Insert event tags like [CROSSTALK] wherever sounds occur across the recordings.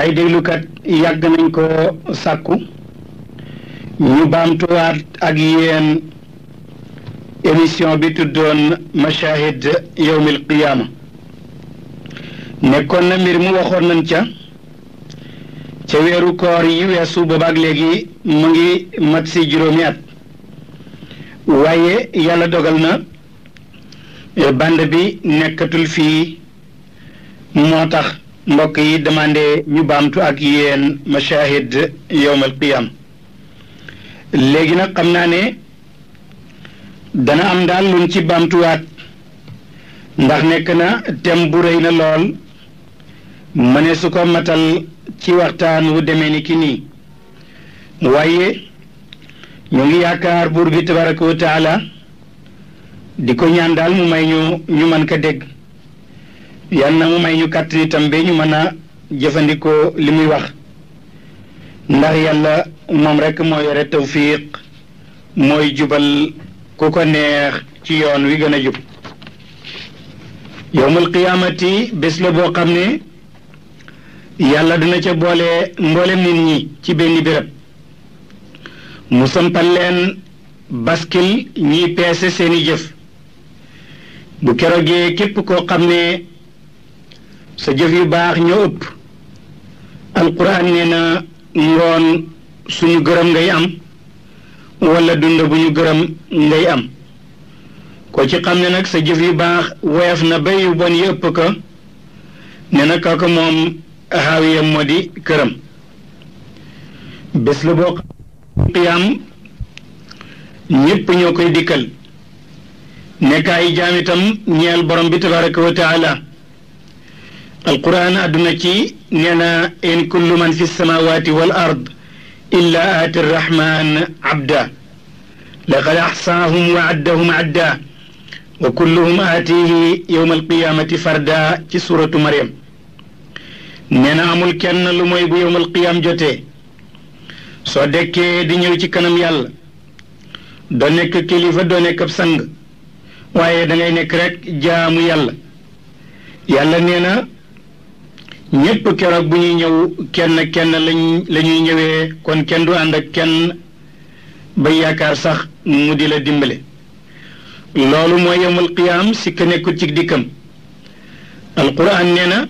ay déglukat yàgg nañ ko sàkku ñu baamtuwaat ak yéen émission bi tuddoon mashahid yowmil qiyaama nekkoon na mbir mu waxoon nañ ca ca weeru koor yi weesu boobaak léegi mu ngi mat si juróomi at waaye yàlla dogal na band bi nekkatul fii moo tax mbokk yi demandé ñu baamtu ak yéen mashahid yomal qiyam léegi nag xam naa ne dana am daal luñ ci baamtuwaat ndax nekk na thème bu rëy na lool ma ne su ko matal ci waxtaan wu demee ni ki nii waaye ñu ngi yaakaar buur bi tabaraka wa di ko ñaan daal mu may ñu ñu mën ko dégg yal na mu may ñu kàttan itam ba ñu mën a jëfandikoo li muy wax ndax yàlla moom rekk moo yore tawfiq mooy jubal ku ko neex ci yoon wi gën a jub yowmal qiyaamati bés la boo xam ne yàlla dina ca boole mboolem nit ñi ci benn béréb mu sampal leen baskil ñiy peese seeni jëf bu keroogee képp koo xam ne sa jëf yu baax ñoo ëpp alquran nee na ngoon suñu gërëm ngay am walla dund bu ñu gërëm ngay am ko ci xam ne nag sa jëf yu baax woyof na ba yu bon yi ëpp ko ne na kooku moom xaawiyam moo di këram bés la boo qiyaam ñépp ñoo koy dikkal nekkaay jaam jaamitam ñeel borom bi tabaraka wa taala alquran àdduna ci nee na kullu man fi samawati wal ard illa aati arrahman abda laqad axsaahum wa addahum adda wa kulluhum aatihi yowma alqiyamati farda ci suratu mariam nee na amul kenn lu mooy bu yowma jotee soo dekkee di ñëw ci kanam yàlla doo nekk kilifa doo nekk ab sang waaye dangay nekk rek jaamu yàlla yàlla nee ñépp keroog bu ñuy ñëw kenn kenn lañ la ñuy kon kenn du ànd ak kenn ba yaakaar sax mu di la dimbale loolu mooy yawmal qiyaam si ka nekkul ci dikkam alquran nee na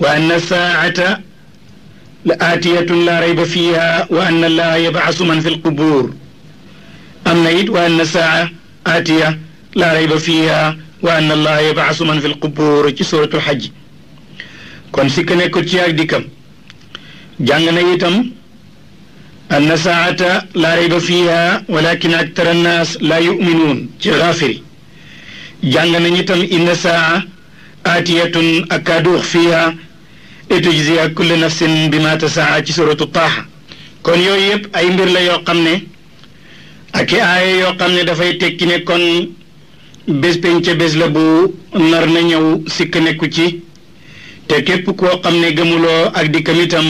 wa anna saata la aatiyatun laa rayba fiha wa anna allaha yabaasu man fi lqubuur am na it wa anna saa aatiya laa rayba fiha wa anna allaha yabaasu man fi lqubuur ci suratul xajj kon sikk nekku ci ak dikkam jàng nañu itam anna saata laa rayba fiiha walakin aktara annaas laa yuminuun ci xaafiri jàng nañu itam inna saa aatiyatun akaaduux fiiha litujzia kulla nafsin bima tasaa ci suratu taaha kon yooyu yëpp ay mbir la yoo xam ne ak i yoo xam ne dafay tekki ne kon bés penca bés la bu nar na ñëw sikk nekku ci te képp koo xam ne gëmuloo ak dikkam itam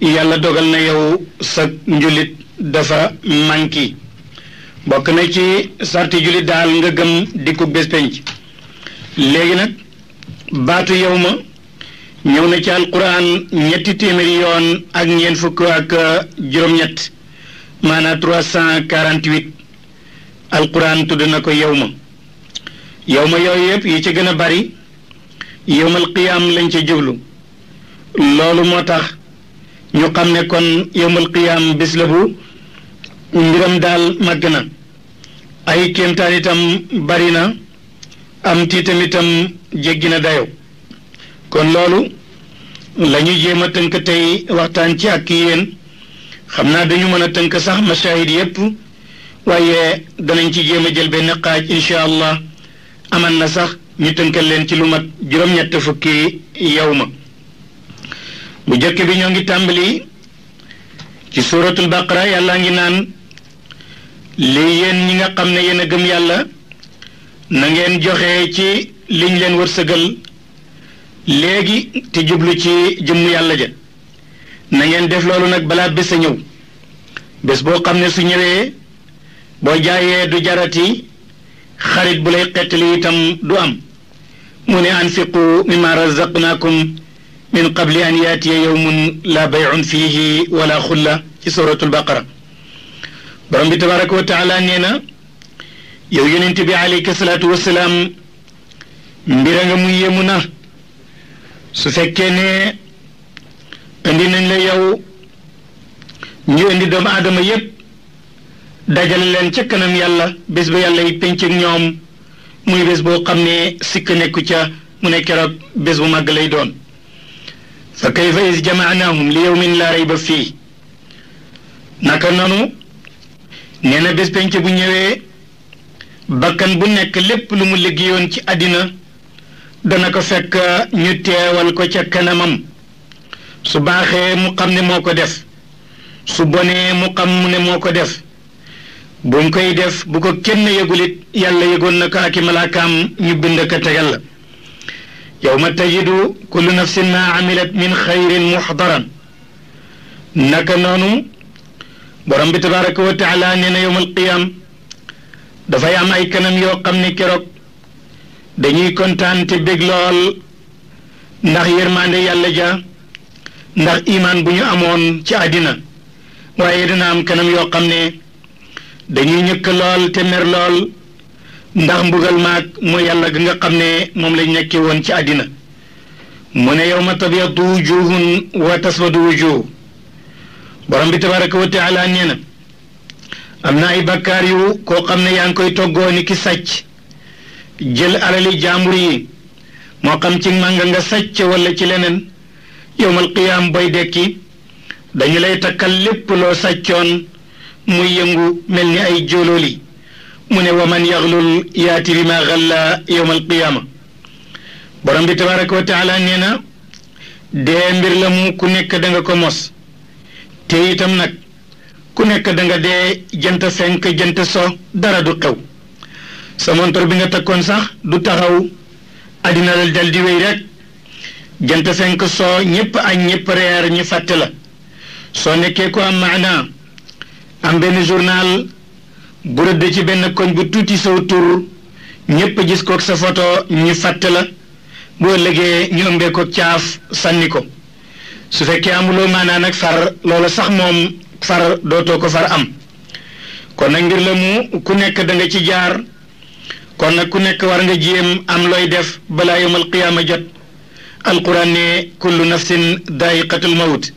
yàlla dogal na yow sa njulit dafa manki bokk na ci sarti jullit daal nga gëm dikku bés penc léegi nag baatu yow ma ñëw na ci alquran ñetti téeméeri yoon ak ñeent fukk ak juróom-ñett maanaam trois cent quarante-huit tudd na ko yow ma yow ma yooyu yëpp yi ci gën a bari yowmal qiyaam lañ ca jublu loolu moo tax ñu xam ne kon yowmal qiyaam bis la bu mbiram daal màgg na ay kéemtaan itam bari na am tiitam itam jéggi na dayo kon loolu la ñu jéem a tënk tey waxtaan ci ak yéen xam naa dañu mën a tënk sax mashahid yépp waaye danañ ci jéem a jël benn xaaj allah aman na sax ñu tënkal leen ci lu mat juróom-ñett fukki yow ma bu jëkk bi ñoo ngi tàmbali ci suuratul baqara yàlla ngi naan li yéen ñi nga xam ne yéen a gëm yàlla na ngeen joxe ci liñ leen wërsëgal léegi te jublu ci jëmm yàlla ja na ngeen def loolu nag balaa bés a ñëw bés boo xam ne su ñëwee boo jaayee du jarati xarit bu lay xettali itam du am mu ne anfiqu mimma razaqnaakum min qabli an yaatiya yowmun la bayun fiihi wala xulla ci suratul baqara borom bi tabaraka wa taala nee na yow yonent bi alayka salaatu wasalaam mbira nga mu yéemu na su fekkee ne indi nañ la yow ñu indi doomu aadama yépp dajal leen ca kanam yàlla bés ba yàlla yi penc ak ñoom muy bés boo xam ne sikk nekku ca mu ne keroog bés bu màgg lay doon fa kayfa is jamaanaahum li yawmin laa rayba fii naka nanu nee na bés penc bu ñëwee bakkan bu nekk lépp lu mu liggéeyoon ci àddina dana ko fekk ñu teewal ko ca kanamam su baaxee mu xam ne moo ko def su bonee mu xam ne moo ko def buñ koy def bu ko kenn yëgulit yàlla yëgoon na ko ak i malaakaam ñu bind ko tegal la yawma tajidu kullu nafsin maa amilat min xayrin muxdaran naka noonu borom bi tabaraka wa taala nee na yowmal dafay am ay kanam yoo xam ne keroog dañuy kontaan te bég lool ndax yërmande yàlla ja ndax imaan bu ñu amoon ci àddina waaye dina am kanam yoo xam ne dañuy ñëkk lool te mer lool ndax mbugal maag mu yàlla gi nga xam ne moom lay nekke woon ci àddina mu ne yow ma tabyaddu wujuhun wa taswadu wujuh borom bi tabaraka wa taala nee na am na ay bakkaar yu koo xam ne yaa ngi koy toggoo ni ki sàcc jël alali jaambur yi moo xam ci mànga nga sàcc walla ci leneen yowmal qiyaam bay dekki dañu lay takkal lépp loo sàccoon muy yëngu mel ni ay jóolooli mu ne wa man yaxlul yaati bi ma xalla yowm alqiyaama borom bi tabaraka wa nee na dee mbir la mu ku nekk da nga ko mos te itam nag ku nekk danga nga dee jant fenk jant so dara du xew sa montor bi nga takkoon sax du taxaw àddina dal dal di wéy rek jant fenk soo ñëpp añ ñëpp reer ñi fàtte la soo nekkee ku am maanaa am benn journal bu rëdd ci benn koñ bu tuuti saw tur ñépp gis kook sa foto ñu fàtte la boo légee ñu ëmbee ko caaf sànni ko su fekkee amuloo maanaa nag far loola sax moom far dootoo ko far am kon nag ngir la mu ku nekk da nga ci jaar kon nag ku nekk war nga jéem am looy def balaa yawmal qiyaama jot alquran ne kullu nafsin daayiqatul mawt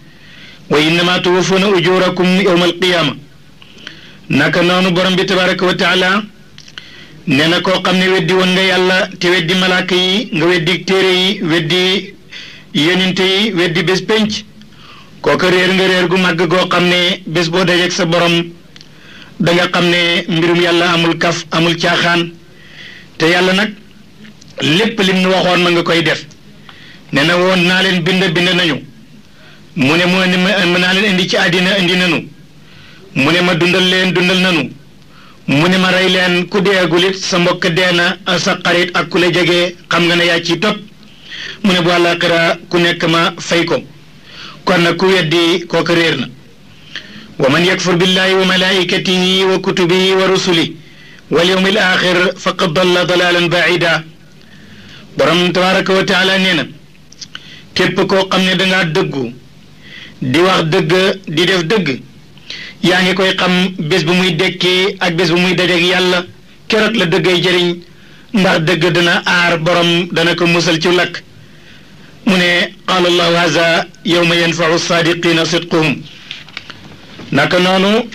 wa innama tuwaffawna ujurakum yawmal qiyaama naka noonu borom bi tabaraka wa taala nee na koo xam ne weddi woon nga yàlla te weddi malaaka yi nga weddi téere yi weddi yonente yi weddi bés pénc kooka réer nga réer gu màgg goo xam ne bés boo dajeeg sa borom da xam ne mbirum yàlla amul kaf amul caaxaan te yàlla nag lépp li nu waxoon ma nga koy def nee na woon naa leen bind bind nañu mu ne mu naa leen indi ci àddina indi nañu mu ne ma dundal leen dundal nanu mu ne ma rey leen ku deegul it sa mbokk dee na sa xarit ak ku la jege xam nga ne yaa ciy topp mu ne bu àllaaxira ku nekk ma fay ko kon na ku weddi kooku réer na wa man yakfur billahi wa malaikatihi wa kutubihi wa rusuli wal yawmil axir faqad dalla dalalan baida borom tabaraka wa taala nee na képp koo xam ne danga dëggu di wax dëgg di def dëgg yaa ngi koy xam bés bu muy dekki ak bés bu muy dajeek yàlla keroog la dëggay jariñ ndax dëgg dana aar borom dana ko musal ci lakk mu ne qaala allahu haza yowma yanfaau saadiqina sidquhum naka noonu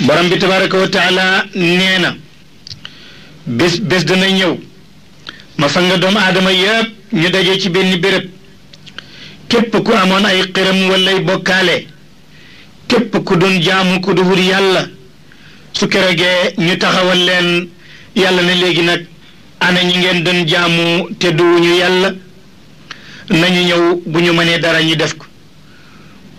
borom bi tabaraka wa taala nee na bés bés dana ñëw ma nga doomu adama yëpp ñu daje ci benn béréb képp ku amoon ay xiram wallay bokkaale képp ku doon jaamu ku duhur yàlla su keregee ñu taxawal leen yàlla ne léegi nag ana ñi ngeen doon jaamu te duwuñu yàlla nañu ñëw bu ñu mënee dara ñu def ko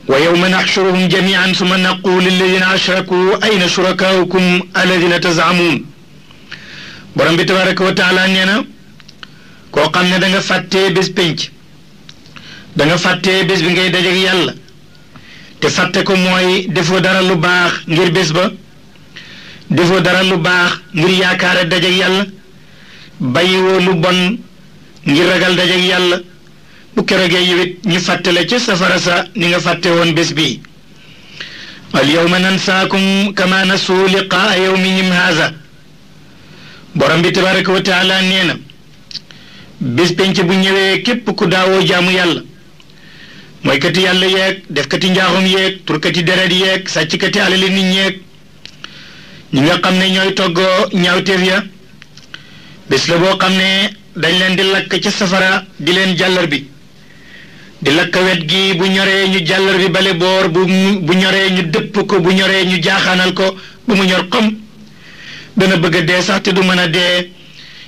wa yawma naxshuruhum jamian summa naqulu lilladina ashraku ayna shurakaaukum alladina tazamuun borom bi tabaraka wa taala na koo xam ne danga nga fàttee bés pénc da nga bés bi ngay dajeg yàlla te fàtte ko mooy defoo dara lu baax ngir bés ba defoo dara lu baax ngir yaakaare dajeg yàlla bàyyiwoo lu bon ngir ragal dajeg yàlla bu kerogee yiwit ñu fàttale ca safara sa ni nga fàtte woon bés bi al yawma nansaakum kama nasuu liqaa yawmihim haza borom bi tabaraka wa taala nee na bés penc bu ñëwee képp ku daawoo jaamu yàlla mooykati yàlla yeeg defkati njaaxum yeeg turkati deret yeeg sàcckati alali nit ñeeg ñi nga xam ne ñooy toggoo ñaawteef ya bés la boo xam ne dañ leen di lakk ca safara di leen jàllar bi di lakk wet gi bu ñoree ñu jàllar bi bale boor bu bu ñoree ñu dëpp ko bu ñoree ñu jaaxaanal ko bu mu ñor xom dana bëgg a dee sax te du mën a dee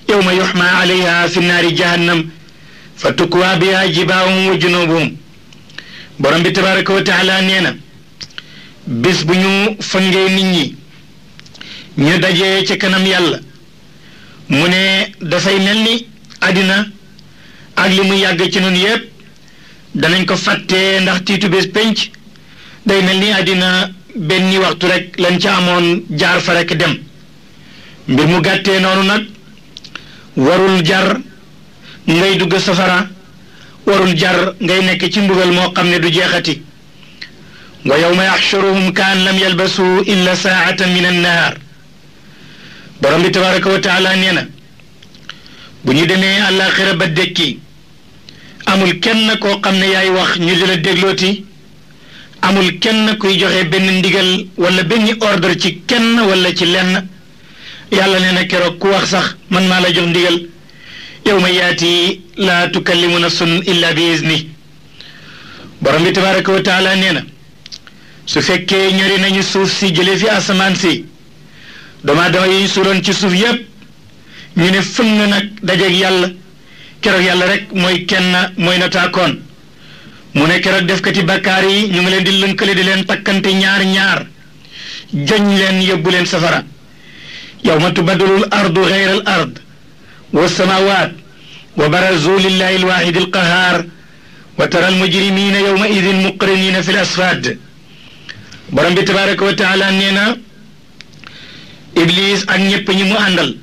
yow ma yuxma alayha fi naari jahannam fa tukwa biha jibaahum wa junubuhum borom bi tabaraka wa taala nee na bis bu ñu fangee nit ñi ñu daje ci kanam yàlla mu ne dafay mel ni àddina ak li mu yàgg ci noonu yépp danañ ko fàttee ndax tiitu bés pénc day mel ni àddina benn waxtu rekk lañ ca amoon jaar fa rek dem mbir mu gàttee noonu nag warul jar ngay dugg safara warul jar ngay nekk ci mbugal moo xam ne du jeexati wa yawma yaxshuruhum kaan lam yalbasu illa saatan min annahaar borom bi tabaraka wa taala nee na bu ñu demee àllaaxira ba dékki amul kenn koo xam ne yaay wax ñu di la amul kenn kuy joxe benn ndigal wala benn ordre ci kenn wala ci lenn yàlla nee na keroog ku wax sax man maa la jox ndigal yawma yaati laa tukallimu nafsun illa bi izni borom bi tabaraka wa nee na su fekkee ñori nañu suuf si jële fi asamaan si doomaa dama yi suuroon ci suuf yépp ñu ne fëng nag dajeeg yàlla keroog yàlla rek mooy kenn mooy notaakoon mu ne keroog defkati bàkkaar yi ñu ngi leen di lënkale di leen takkante ñaar ñaar joñ leen yóbbu leen safara yawma tubaddalul ardu xeyral ard wa والسماوات وبرزوا لله الواحد القهار وترى المجرمين يومئذ مقرنين في الأصفاد borom bi tabaraka wa taala nee na iblis ak ñépp ñi mu àndal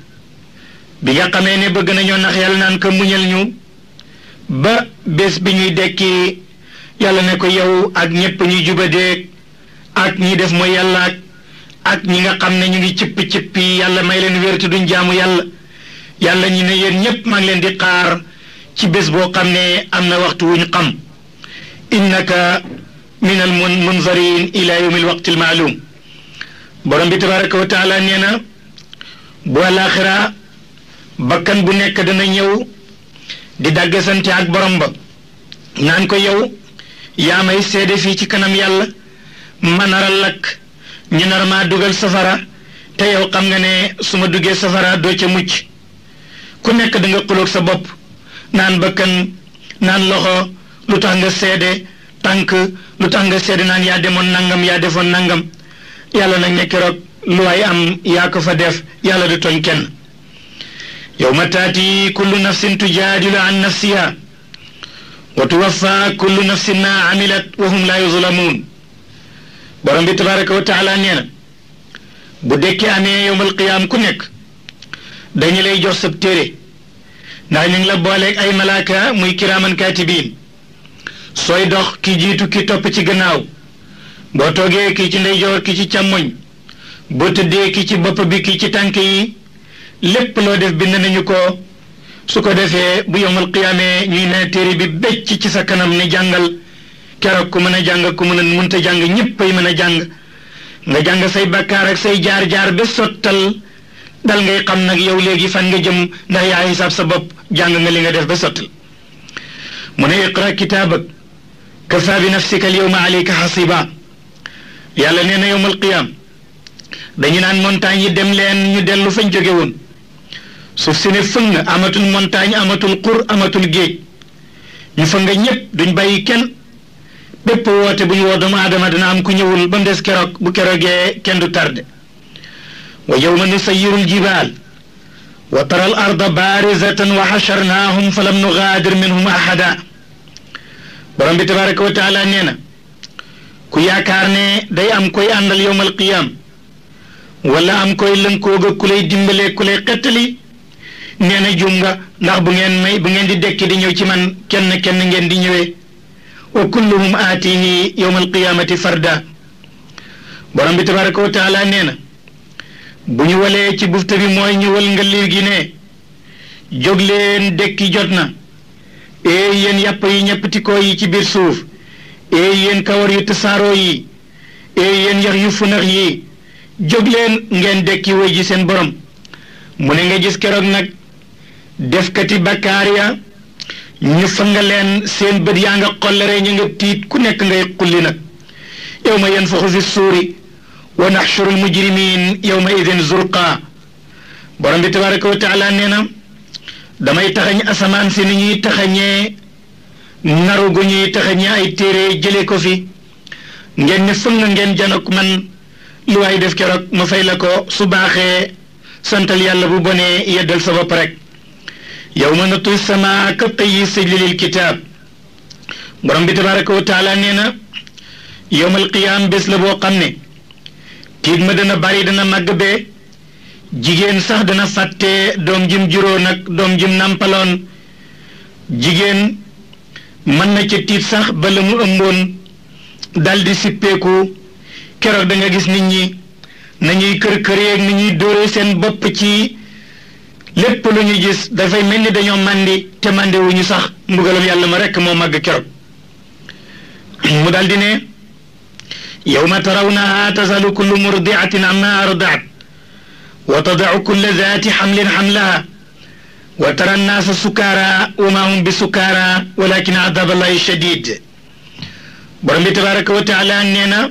bi nga xamee ne bëgg nañoo nax yàlla naan ko muñal ñu ba bés bi ñuy dekki yàlla na ko yow ak ñépp ñi jubadeeg ak ñi def mooy yàlla ak ñi nga xam ne ñu ngi cëpp cëpp cippi yàlla may leen wér te duñ yàlla yàlla ñu ne yéen ñépp maa ngi leen di xaar ci bés boo xam ne am na waxtu wu ñu xam innaka na al munzarin ila yawmi al waqti maalum borom bi tabaraka wa taala nee na bu àllaaxira bakkan bu nekk dana ñëw di dàgge ak borom ba naan ko yow yaa may seede fii ci kanam yàlla ma a lakk ñu nar maa dugal safara te yow xam nga ne su ma duggee safara doo ca mucc ku nekk da nga xuloog sa bopp naan bakkan naan loxo lu tax nga seede tànk lu tax nga seede naan yaa demoon nangam yaa defoon nangam yàlla nag ne keroog lu am yaa fa def yàlla du tooñ kenn yawma taati kullu nafsin tujaadilu an nafsiha wa tuwaffa kullu nafsin ma amilat wa hum laa borom bi tabaraka wa taala nee bu dekkee amee yowmal qiyaam ku nekk dañu lay jox sab téere ndax ñu ngi la booleeg ay malaaka muy kiraaman kaatibiin sooy dox ki jiitu ki topp ci gannaaw boo toogee ki ci ndeyjoor ki ci càmmoñ boo tëddee ki ci bopp bi ki ci tànk yi lépp loo def bind nañu ko su ko defee bu yowmal qiyaamee ñuy ne téere bi becc ci sa kanam ni jàngal keroog ku mën a jàng ku mën a mënta jàng ñëpp ay mën a jàng nga jàng say bakkaar ak say jaar-jaar ba sottal dal ngay xam nag yow léegi fan nga jëm ndax yaa xisaab sa bopp jàng nga li nga def ba sottil mu ne iqra kitaabak kafa bi nafsika al yawma alayka xasiba yàlla nee na yowmal qiyaam dañu naan montagne yi dem leen ñu dellu fañ jóge woon suuf si ne fëng amatul montagne amatul xur amatul géej ñu fëng ñépp duñ bàyyi kenn bépp woote bu ñu woo doomu aadama dana am ku ñëwul ba mu des keroog bu keroogee kenn du tardé wa yawma nusayyiru aljibaal wa tara al arda baarizatan wa xasharnaahum falam nugaadir minhum ahada borom bi tabaraka wa taala nee na ku yaakaar ne day am koy àndal yowmal qiyaam wala am koy lënkooga ku dimbalee ku lay xettali nee ndax bu ngeen may bu ngeen di dekki di ñëw ci man kenn kenn ngeen di ñëwee wa kulluhum aatihi yowmal qiyaamati farda borom bi tabaraka wa taala bu ñu walee ci bufta bi mooy ñu wal ngaliir gi ne jóg leen dekki jot na eey yéen yàpp yi ñeppatikoo yi ci biir suuf eey yéen kawar yu tasaaroo yi eey yéen yax yu funax yi jógleen ngeen dekki wéy ji seen borom mu ne nga gis keroog nag defkati bakkaar ya ñu fa nga leen seen bët yaa nga xollere ñu nga tiit ku nekk ngay xulli nag yow ma yéen faxu fi suuri wa naxshuru almujrimin yowma idin zurqa borom bi tabaraka wa taala na damay taxañ asamaan si ni ñuy taxañee naru gu ñuy taxañee ay téere jële ko fi ngeen ne fëng ngeen janok man lu waay def keroog ma fay la ko su baaxee santal yàlla bu bonee yeddal sa bopp rek yawma natwi samaa ka tayyi sijli lil kitaab borom bi tabaraka wa taala nee na yowmal qiyaam bés la boo xam ne tiit ma dana bari dana màgg bee jigéen sax dana fàtte doom jim juróon ak doom jim nàmpaloon jigéen mën na ca tiit sax ba la mu ëmboon daldi sippeeku keroog danga gis nit ñi nañuy kër kër yeeg ni ñuy dóore seen bopp ci lépp lu ñu gis dafay mel ni dañoo màndi te màndi sax mbugalam yàlla ma rekk moo màgg keroog mu daldi ne yawma tarawnahaa tasalu kullu murdiatin amma ardaat wa tadau kulla zaati xamlin xamlaha wa tara annaasa sukaaraa wa maa hum bi sukaaraa walakin adaaballaahi shadiid borom bi tabaaraka wa taala nee na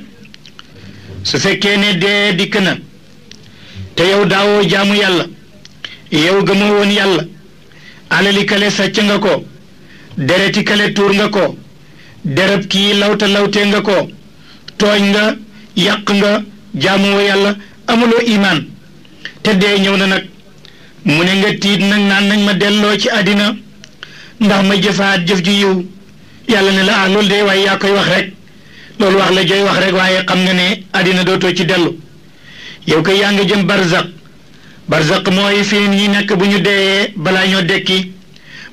su fekkee ne dee dikk na te yow daawoo jaamu yàlla yow gëmoo woon yàlla alali kale sàcc nga ko dereti kale tuur nga ko dereb kii lawta lawtee nga ko tooñ nga yàq nga jaamoo yàlla amuloo imaan te dee ñëw na nag mu ne nga tiit nag naan nañ ma delloo ci àddina ndax ma jëfaat jëf ju yiw yàlla ne la ah loolu de waaye yaa koy wax rek loolu wax la jooy wax rek waaye xam nga ne àddina dootoo ci dellu yow koy yaa nga jëm barzak barzak mooy fii ñi nekk bu ñu dee balaa ñoo dekki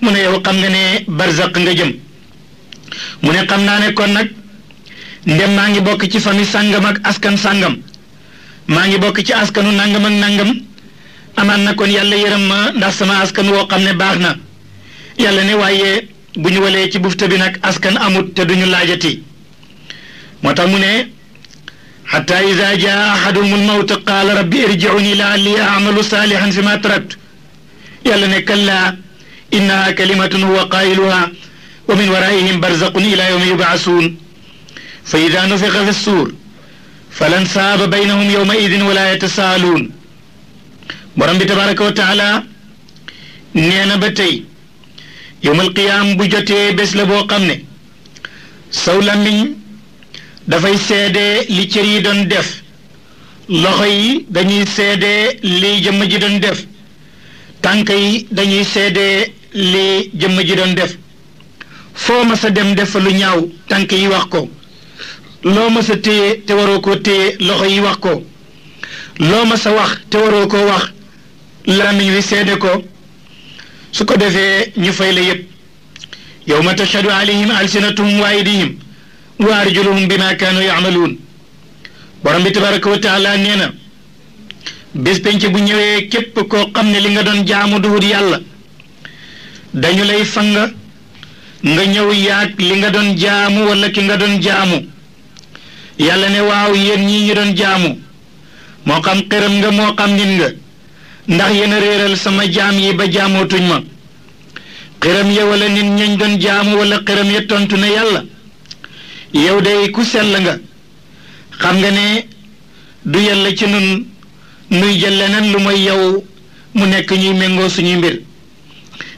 mu ne yow xam nga ne barzak nga jëm mu ne xam naa ne nag ndem maa ngi bokk ci fami sàngam askan sàngam maa ngi bokk ci askanu nangam nangam amaan na kon yàlla yërëm ma ndax sama askan woo xam ne baax na yàlla ne waaye bu ñu walee ci bufta bi nag askan amut te duñu laajati moo tax mu ne xataa ida jaa ahaduhumul mawt qaala rabbi irjiuni laalli amalu saalihan fi ma tarakt yàlla ne kallaa innaha kalimatun huwa qaayiluha wa min waraihim barzaqun ila yawmi yub'asuun fa ida nufiqa suur falan saaba baynahum yowma idin wala yatasaaluun borom bi tabaraka wa nee na ba tey yowmal qiyaam bu jotee bés la boo xam ne saw làmmiñ dafay seede li cër yi doon def loxo yi dañuy seede li jëmm ji def tànk yi dañuy seede li jëmm ji doon def foo ma sa dem def fa lu ñaaw tànk yi wax ko loo mas a téye te waroo ko téye loxo yi wax ko loo mas wax te waroo ko wax làmmiñ wi seede ko su ko defee ñu fay la yëpp yow tashhadu alayhim alsinatuhum wa aydihim wa arjuluhum bima kaanu yamaluun borom bi tabaraka wa taala nee na bés penc bu ñëwee képp koo xam ne li nga doon jaamu duhut yàlla dañu lay fang nga ñëw yaag li nga doon jaamu wala ki nga doon jaamu yàlla ne waaw yéen ñii ñu doon jaamu moo xam xëram nga moo xam nit nga ndax yéen a réeral sama jaam yi ba jaamootuñ ma xëram ya walla nit ñañ doon jaamu wala xëram ya tontu na yàlla yow day ku sell nga xam nga ne du yàlla ci nun nuy jël leneen lu may yow mu nekk ñuy méngoo suñuy mbir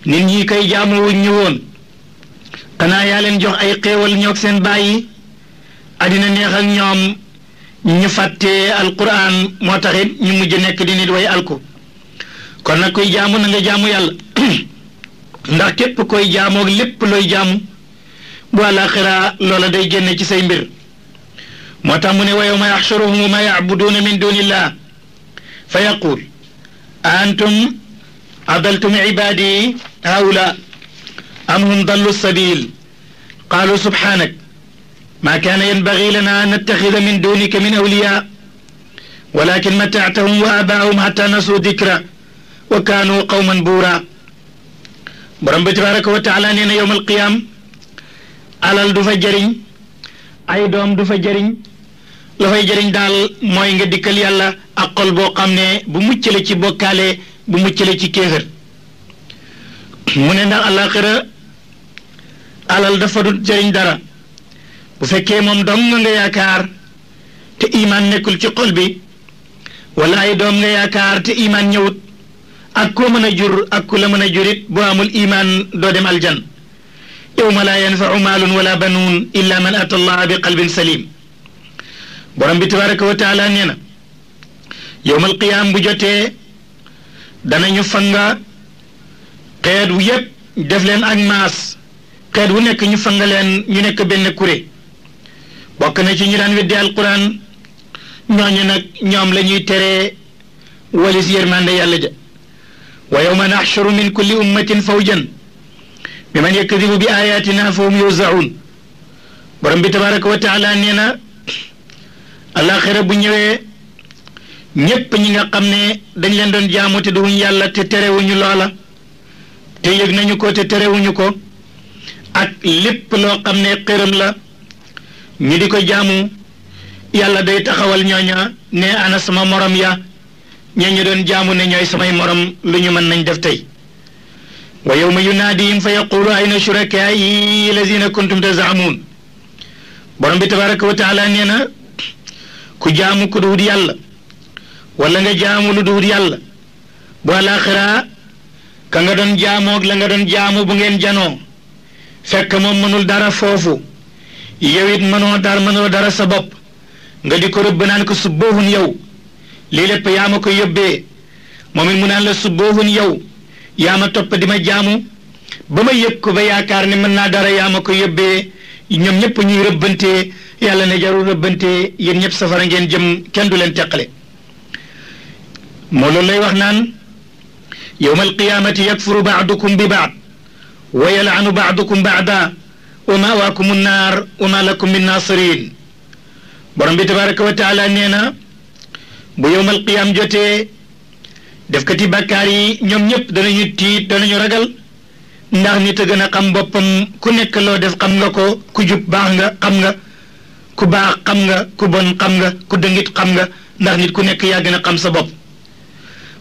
nit ñi koy jaamu wuñ ñu woon xanaa yaa leen jox ay xéewal ñoog seen bàyyi addina neex ak ñoom ñu fàttee alquran moo taxit ñu mujj nekk di nit way alku kon nag koy jaamu na nga jaamu yàlla [CLEARS THROAT] ndax képp koy jaamoog lépp looy jaamu bu àllaaxira loola day génne ci say mbir moo tax mu ne wa yawma yaxshuruhum wa ma yacbuduuna min duunillah fa yaquul aantum adaltum cibaadi haula am hum dallu sabil qaalu subhaanak ما كان ينبغي لنا أن نتخذ من دونك من أولياء ولكن متعتهم وآباءهم حتى نسوا ذكرى وكانوا قوما بورا borom bi tabaraka wa taala nee yowmal qiyaam alal jëriñ daal mooy nga dikkal yàlla boo xam ne bu mucc ci bokkaale bu mucc ci kéefër mu ne dafa du jëriñ dara bu fekkee moom doom nga yaakaar te iman nekkul ci xol bi wala ay doom nga yaakaar te iman ñëwut ak koo mën a jur ak ku la mën a jurit boo amul iman doo dem aljan yawma laa yanfau maalun wala banuun illa man ata allaha bi qalbin salim borom bi tabaraka wa taala nee na yowmal qiyaam bu jotee danañu fanga xeet wu yépp def leen ak maas xeet wu nekk ñu fanga leen ñu nekk benn kuré bokk na ci ñi daan weddi alquran ñooñu nag ñoom lañuy ñuy teree walis yërmande yàlla ja wa yawma naxshuru min kulli ummatin fawjan bi man yakdibu bi ayatina fa hum borom bi tabaraka wa taala nee na alaxira bu ñëwee ñépp ñi nga xam ne dañ leen doon jaamu te duwuñ yàlla te terewuñu loola te yëg nañu ko te terewuñu ko ak lépp loo xam ne xëram la ñu di ko jaamu yàlla day taxawal ñooña ne ana sama morom ya ñee ñu doon jaamu ne ñooy samay morom lu ñu mën nañ def tey wa yow yawma yunaadihim fa yaqulu ayna shurakaa'i allazina kuntum tazaamuun borom bi tabaraka wa taala nee na ku jaamu ku duwut yàlla wala nga jaamu lu duwut yàlla bu alaaxira ka nga doon jaamoog la nga doon jaamu bu ngeen janoo fekk moom mënul dara foofu yow it mënoo dara mënoo dara sa bopp nga di ko rëbb naan ko subboohun yow lii lépp yaa ma ko yóbbee moom it mu naan la subboohun yow yaa topp di ma jaamu ba ma yëg ko ba yaakaar ne mën naa dara yaa ma ko yóbbee ñoom ñëpp ñuy rëbbantee yàlla ne jarul rëbbantee yéen ñëpp safara ngeen jëm kenn du leen teqale moo loolu lay wax naan yowma alqiyaamati yakfuru baadukum bi baad wa yalaanu baadukum baada wa ma awaakumu naar wa ma lakum min naasirin borom bi tabaraka wa taala nee na bu yowmal qiyaam jotee defkati bàkkaar yi ñoom ñëpp danañu tiit danañu ragal ndax nit a gën a xam boppam ku nekk loo def xam nga ko ku jub baax nga xam nga ku baax xam nga ku bon xam nga ku dëngit xam nga ndax nit ku nekk yaa gën a xam sa bopp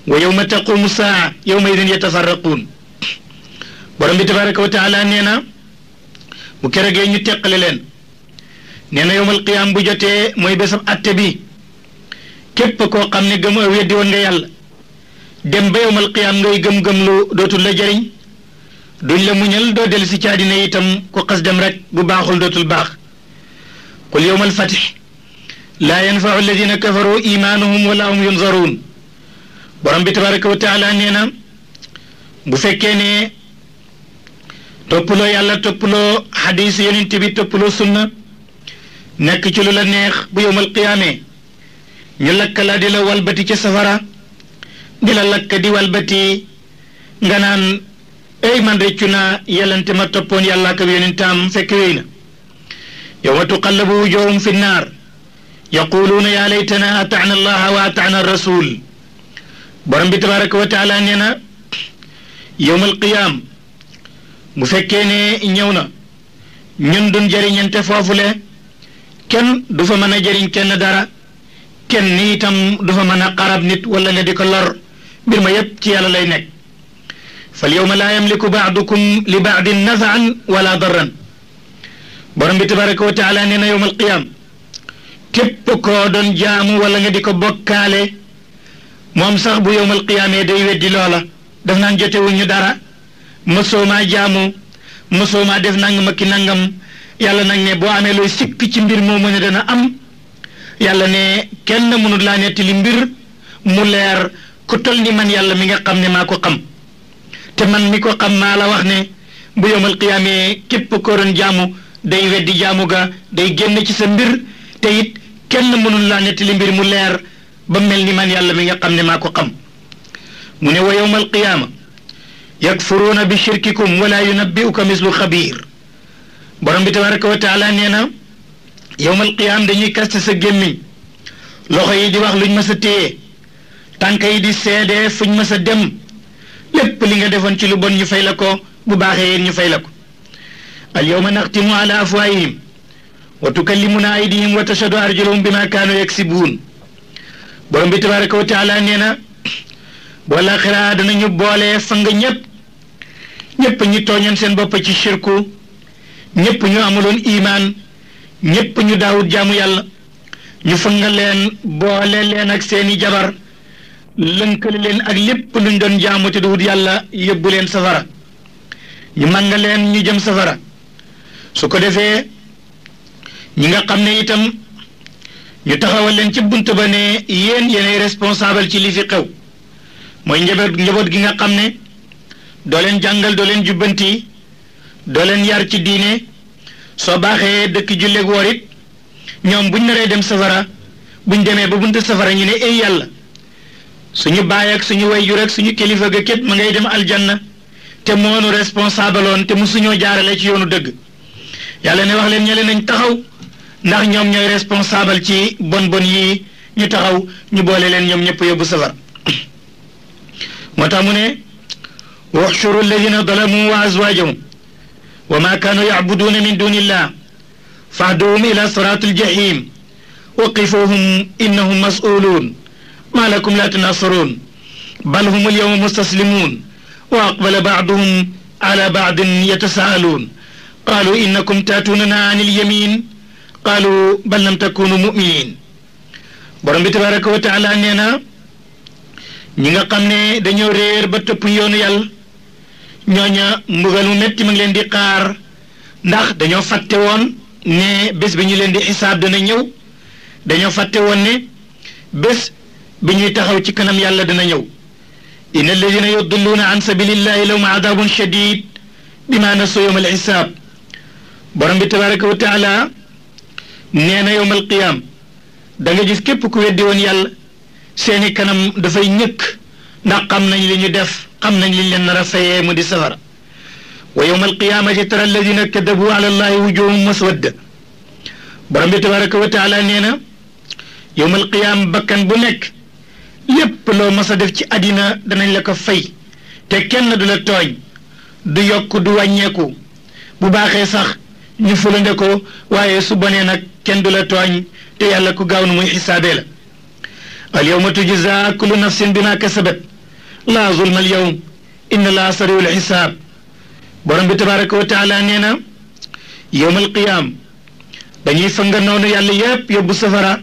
wa yawma taqumu saa yawma idin yatafarraquun borom bi tabaraka wa nee na bu keregee ñu teqale leen nee na yowmal qiyaam bu jotee mooy bésab atte bi képp koo xam ne gëm a weddi nga yàlla dem ba yowmal qiyaam ngay gëm-gëm lu dootul la jariñ duñ la muñal doo dellu si caadina itam ku xas dem rek bu baaxul dootul baax qul yowmal fatih laa yanfau alladina kafaru imaanuhum wala hum yunzaruun borom bi tabaraka wa taala bu fekkee ne toppaloo yàlla toppaloo xadis yonent bi topp loo sunna nakk ci lu neex bu yowmal qiyaamee ñu lakk la di la walbati ci safara di la lakk di walbati nga naan ay man réccu naa yellante ma toppoon yàlla ak yonentam fekk wéy na yowma tuqallabu wujuhum fi nnaar yaquluuna yaa laytana ataana allaha wa ataana rasul borom bi tabaraka wa taala nee na yowmal qiyaam bu fekkee ne na ñun duñ jëriñante foofule kenn du fa mën a jariñ kenn dara kenn ni itam du fa mën a xarab nit wala nga di ko lor mbir ma yépp ci yàlla lay nekk fal yawma laa yamliku baadukum li baadin nafaan wala darran borom bi tabaraka wa taala nee na yowm alqiyaam képp koo doon jaamu wala nga di ko bokkaale moom sax bu yowm alqiyaamee day weddi loola daf naan jotewuñu dara mësoo maa jaamu mosoo maa def nangam ak ki nangam yàlla nag ne boo amee looy sikk ci mbir moo moomu ne dana am yàlla ne kenn mënut laa nettali mbir mu leer ku toll ni man yàlla mi nga xam ne maa ko xam te man mi ko xam maa la wax ne bu yomal qiyaamee képp ko doon jaamu day weddi jaamu ga day génn ci sa mbir te it kenn mënul laa nettali mbir mu leer ba mel ni man yàlla mi nga xam ne maa ko xam mu ne wa yowmal yakfuruuna bi shirkikum wala yunabbi'uka mislu xabiir borom bi tabaraka wa taala nee na yowmal qiyaam dañuy kaste sa gémmiñ loxo yi di wax luñ mës a téye tànk yi di seede fuñ mës a dem lépp li nga defoon ci lu bon ñu fay la ko bu baaxee yéen ñu fay la ko al yawma naxtimu ala afwaahihim wa tukallimuna aydihim wa tashhadu arjuluhum bima kaanu yaksibuun borom bi tabaraka wa taala nee na wala xiraa danañu boole fa nga ñépp ñëpp ñu tooñoon seen bopp ci shirku ñëpp ñu amuloon imaan ñëpp ñu daawut jaamu yàlla ñu fanga leen boole leen ak seeni jabar lënkale leen ak lépp luñ doon jaamu te duwut yàlla yóbbu leen safara ñu nga leen ñu jëm safara su ko defee ñi nga xam ne itam ñu taxawal leen ci bunt ba ne yéen yéenay responsable ci li fi xew mooy njaboot njaboot gi nga xam ne doo leen jàngal doo leen jubbanti doo leen yar ci diine soo baaxee dëkk julleeg woor it ñoom buñ naree dem safara buñ demee ba buntu safara ñu ne ay yàlla suñu baay ak suñu wayjur ak suñu kilifa ga képp mu ngay dem aljana te moonu responsable woon te musuñoo jaarale ci yoonu dëgg yàlla ne wax leen ñele nañ taxaw ndax ñoom ñooy responsable ci bon bon yi ñu taxaw ñu boole leen ñoom ñëpp yóbbu safara [COUGHS] moo tax mu ne واحشروا الذين ظلموا وأزواجهم وما كانوا يعبدون من دون الله فاهدوهم إلى صراط الجحيم وقفوهم إنهم مسؤولون ما لكم لا تناصرون بل هم اليوم مستسلمون وأقبل بعضهم على بعض يتساءلون قالوا إنكم تأتوننا عن اليمين قالوا بل لم تكونوا مؤمنين borom bi tabaraka wa taala nee na ñi nga xam ne dañoo réer ba topp yoonu yàlla ñooña mbugal mu métti mu ngi leen di xaar ndax dañoo fàtte woon ne bés bi ñu leen di xisaab dana ñëw dañoo fàtte woon ne bés bi ñuy taxaw ci kanam yàlla dana ñëw inna alladina yudilluuna an sabilillahi lahum adabun shadid bima nasu yowm alxisaab borom bi tabaraka wa taala nee na yowm alqiyaam da nga gis képp ku weddi woon yàlla seeni kanam dafay ñëkk ndax xam nañ li ñu def xam nañ li leen nar a fayee mu di safara wa yowma alqiyaamati tara alladina kadabu ala allahi wujuhum maswadda borom bi tabaraka wa taala nee na yowma alqiyaam bakkan bu nekk lépp loo mas a def ci àddina danañ la ko fay te kenn du la tooñ du yokk du wàññeeku bu baaxee sax ñu fulande ko waaye su bonee nag kenn du la tooñ te yàlla ku gaaw nu muy xisaabee la al yowma tujzaa kullu nafsin bima kasabat laa zulma al inna laa sariwul xisaab borom bi tabaraka wa taala nee yowmal qiyaam dañuy fanga noonu yàlla yépp yóbbu safara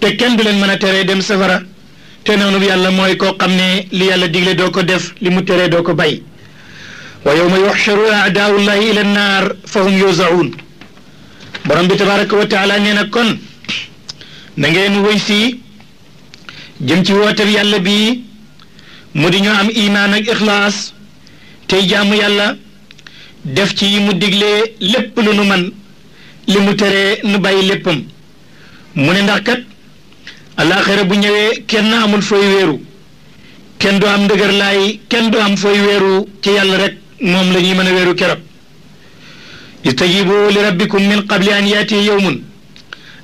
te kenn du leen mën a teree dem safara te noonu yàlla mooy ko xam ne li yàlla digle doo ko def li mu teree doo ko bay wa yowma yuxcharu aadaaullahi ila nnaar fa hum yuzaun borom bi tabaraka wa taala nee na kon na ngeen wëy si jëm ci wooteeb yàlla bii mu di ñu am imaan ak ixlaas tey jàmm yàlla def ci yi mu diglee lépp lu nu man li mu teree nu bàyyi léppam mu ne ndax kat alaaxira bu ñëwee kenn amul fooy weeru kenn du am ndëgër laay kenn du am fooy weeru ci yàlla rek moom la ñuy mën a weeru keroog istajibu li rabbikum min qabli an yaati yawmun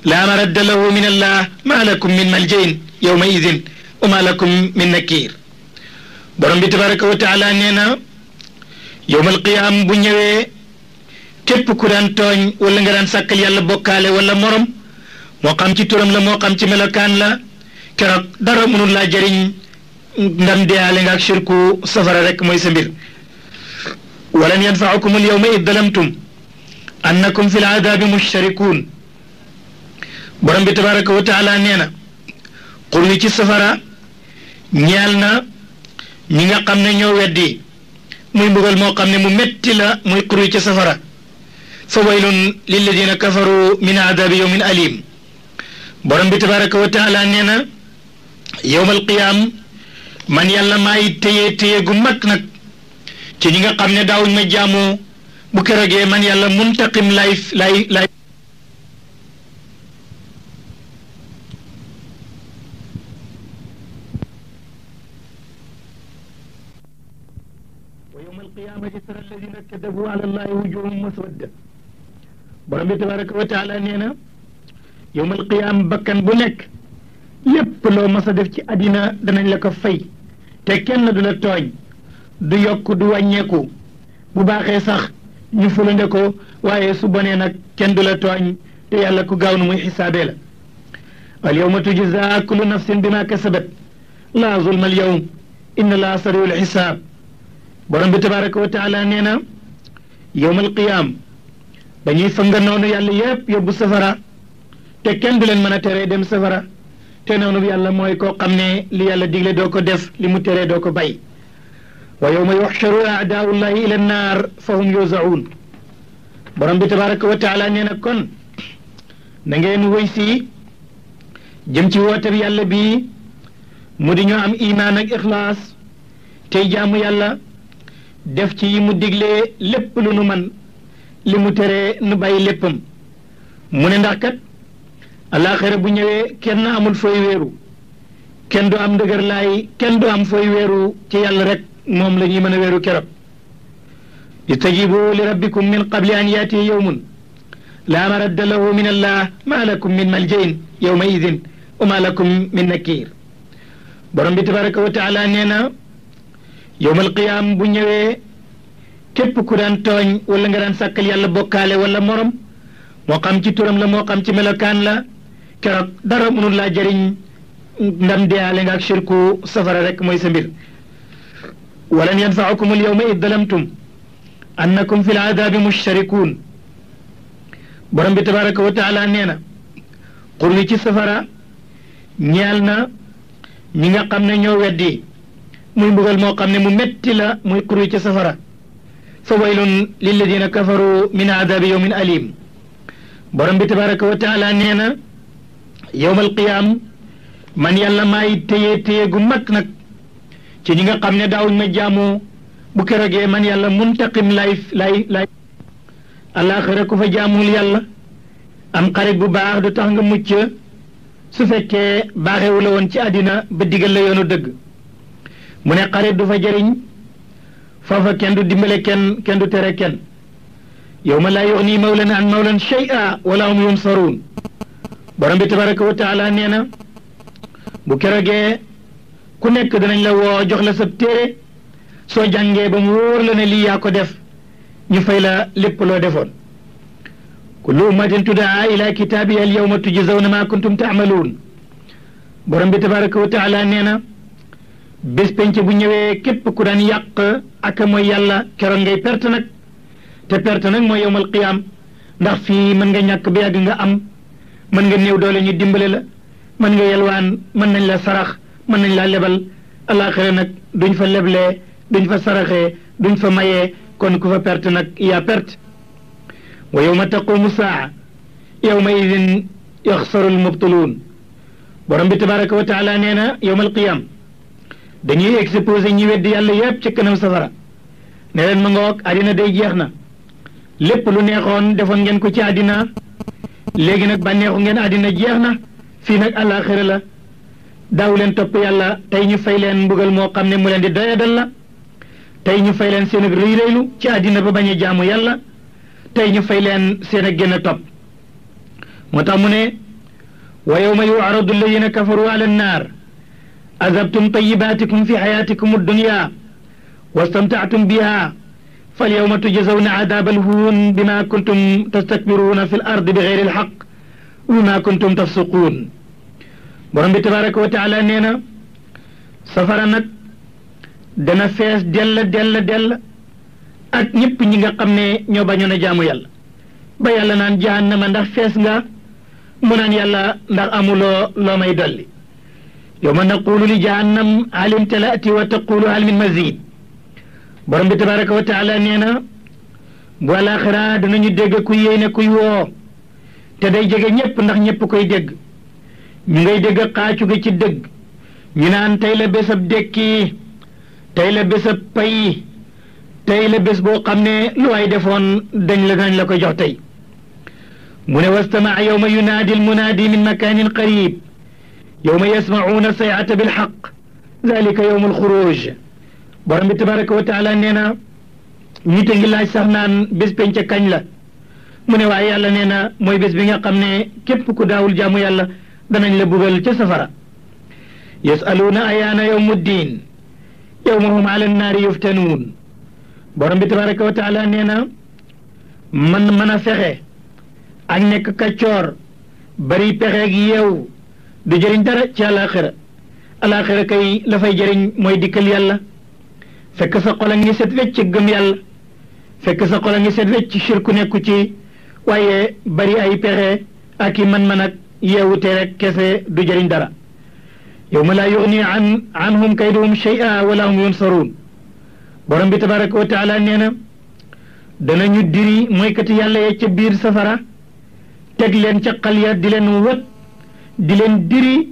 laa maradda lahu min allah maa lakum min maljain yawma idin wa maa lakum min nakir borom bi tabaraka wa taala nee na yowmal qiyaam bu ñëwee tépp ku daan tooñ wala nga daan sàkkal yàlla bokkaale wala morom moo xam ci turam la moo xam ci melokaan la keroog dara mënul laa jariñ ndam deyaale nga shirku safara rek mooy sa mbir walan yanfaakum al yawma id dalamtum annakum fi l aadaabi mushtarikuun borom bi tabaraka wa taala nee na safara ñeel na ñi nga xam ne ñoo weddi muy mbugal moo xam ne mu metti la muy xuru ca safara fa waylun lilladina kafaru min adabi yawmin alim borom bi tabaraka wa taala nee na yowmal qiyaam man yàlla maay téye téye gu mag nag ci ñi nga xam ne daawuñ ma jaamoo bu keroogee man yàlla muntaqim lay lay sawfa tara alladina kadabu ala allahi wujuhum muswadda borom bi tabaraka wa taala nee na bakkan bu nekk lépp loo mas def ci àddina danañ la ko fay te kenn du la tooñ du yokk du wàññeeku bu baaxee sax ñu fulande ko waaye su bonee nag kenn du la tooñ te yàlla ku gaaw nu muy xisaabee la al yawma tujzaa kullu nafsin bima kasabat laa zulma al inna laa sariul xisaab borom bi tabaraka wa taala nee na yowmal qiyaam dañuy fënga noonu yàlla yépp yóbbu safara te kenn du leen mën a teree dem safara te noonu yàlla mooy koo xam ne li yàlla digle doo ko def li mu teree doo ko bay wa yowma yuxcharu aadaaullahi ila naar fa hum yuzaun borom bi tabaraka wa taala nee na kon na ngeen wëy si jëm ci woote bi yàlla bii mu di ñoo am imaan ak tey jàmm yàlla def ci yi mu diglee lépp lu nu man li mu teree nu bàyyi léppam mu ne ndax kat alaaxira bu ñëwee kenn amul fooy wéeru kenn du am ndëgër laay kenn du am fooy wéeru ci yàlla rek moom la ñuy mën a wéeru keroog istajibu li rabbikum min qabli an yaatiya yawmun laa maradda lahu min allah maa lakum min maljain yawma idin wa maa lakum min nakir borom bi tabaraka wa taala yowmal qiyaam bu ñëwee képp ku daan tooñ wala nga daan sàkkal yàlla bokkaale wala morom moo xam ci turam la moo xam ci melokaan la keroog dara mënul laa jëriñ ndam deyaale nga ak safara rek mooy sa mbir walan yanfaakum al yawma id dalamtum annakum fi l aadabi borom bi tabaraka wa taala nee na xur wi ci safara ñeel na ñi nga xam ne ñoo weddi muy mbugal moo xam ne mu metti la muy kuru ci safara fa waylun lilladina kafaru min adabi yawmin alim borom bi tabaraka wa taala nee na yowmal qiyaam man yàlla maay téye téye gu mag nag ci ñi nga xam ne daawuñ ma jaamu bu kerogee man yàlla muntaqim lay lay lay àllaaxira fa jaamul yàlla am xarit bu baax du tax nga mucc su fekkee baaxewu la woon ci àddina ba digal la yoonu dëgg mu ne xarit du fa jariñ foofa kenn du dimbale kenn kenn du tere kenn yawma laa yuxni mawlan an mawlan shay'a wala hum yunsaruun borom bi tabaraka wa taala nee na bu kerogee ku nekk danañ la woo jox la sa soo jàngee ba mu wóor la ne lii yaa ko def ñu fay la lépp loo defoon kullu ummatin tudaa ila kitaabiha al yawma tujzawna ma kuntum taamaluun borom bi tabaraka wa taala nee na bés penc bu ñëwee képp ku daan yàq ak mooy yàlla keroog ngay perte nag te perte nag mooy yow yowmal qiyaam ndax fii mën nga ñàkk bi yàgg nga am mën nga néew doole ñu dimbale la mën nga yalwaan mën nañ la sarax mën nañ laa lebal alaaxira nag duñ fa leble duñ fa saraxee duñ fa mayee kon ku fa perte nag yaa perte wa yowma taqumu saa yowma idin yaxsaru almubtiluun borom bi tabaraka wa taala nee na yow yowmal qiyaam dañuy exposé ñi weddi yàlla yépp ci kanam safara ne leen ma ngoog àddina dey jeex na lépp lu neexoon defoon ngeen ko ci àddina léegi nag bànneexu ngeen àddina jeex na fii nag àllaaxira la daaw leen topp yàlla tey ñu fay leen mbugal moo xam ne mu leen di doyadal la tey ñu fey leen seen ak rëy rëylu ci àddina ba bañ a jaamu yàlla tey ñu fay leen seen ak génn topp moo tax mu ne wa yawma yu'radu alladina kafaru ala naar azabtum tayibaatikum fi xayaatikum addunya wastamtaatum biha falyawma tujzawna adaabal huun bima kuntum tastakbiruuna fi l bi xeyri lxaq wa ma kuntum tafsuquun borom bi tabaraka wa taala nee na safara nag dana fees dell dell dell ak ñëpp ñi nga xam ne ñoo bañoon a jaamu yàlla ba yàlla naan jahannama ndax fees nga mu naan yàlla ndax amuloo loo may dolli yawma naqulu li jahannam hal imtala'ti wa taqulu hal min mazid borom bi tabaraka wa taala nee na bu alaxira danañu dégg kuy yéy ne kuy woo te day jege ñépp ndax ñépp koy dégg ñu ngay dégg xaacu gi ci dëgg ñu naan tey la bésab dekki tey la bésab pay tey la bés boo xam ne lu waay defoon dañ la dañ la ko jox tey mu ne wastamaa yawma yunaadi almunaadi min makaanin qarib yawma yasmacuuna sayata bilxaq dalika yawm alxuruj borom bi tabaraka wa taala nee na nit a laaj sax naan bés penca kañ la mu ne waa yàlla nee na mooy bés bi nga xam ne képp ku daawul jaamu yàlla danañ la bugal ca safara yasaluuna ayaana yawmu ddiin yawma hum ala nnaari yuftanuun borom bi tabaraka wa taala nee na man mën a fexe ak nekk kaccoor bari gi yeew du jëriñ dara ci àllaaxira àllaaxira kay la fay mooy dikkal yàlla fekk sa xol a ngi seet wecc ci gëm yàlla fekk sa xol a ngi set wecc ci ku nekku ci waaye bari ay pexe ak i man-man ak yeewute rek kese du jëriñ dara yawma laa yugni an anhum kayduhum shay'a wala hum yunsaruun borom bi tabaraka wa taala nee na danañu diri mooykati yàlla ya ca biir safara teg leen ca xal ya di leen wët di leen diri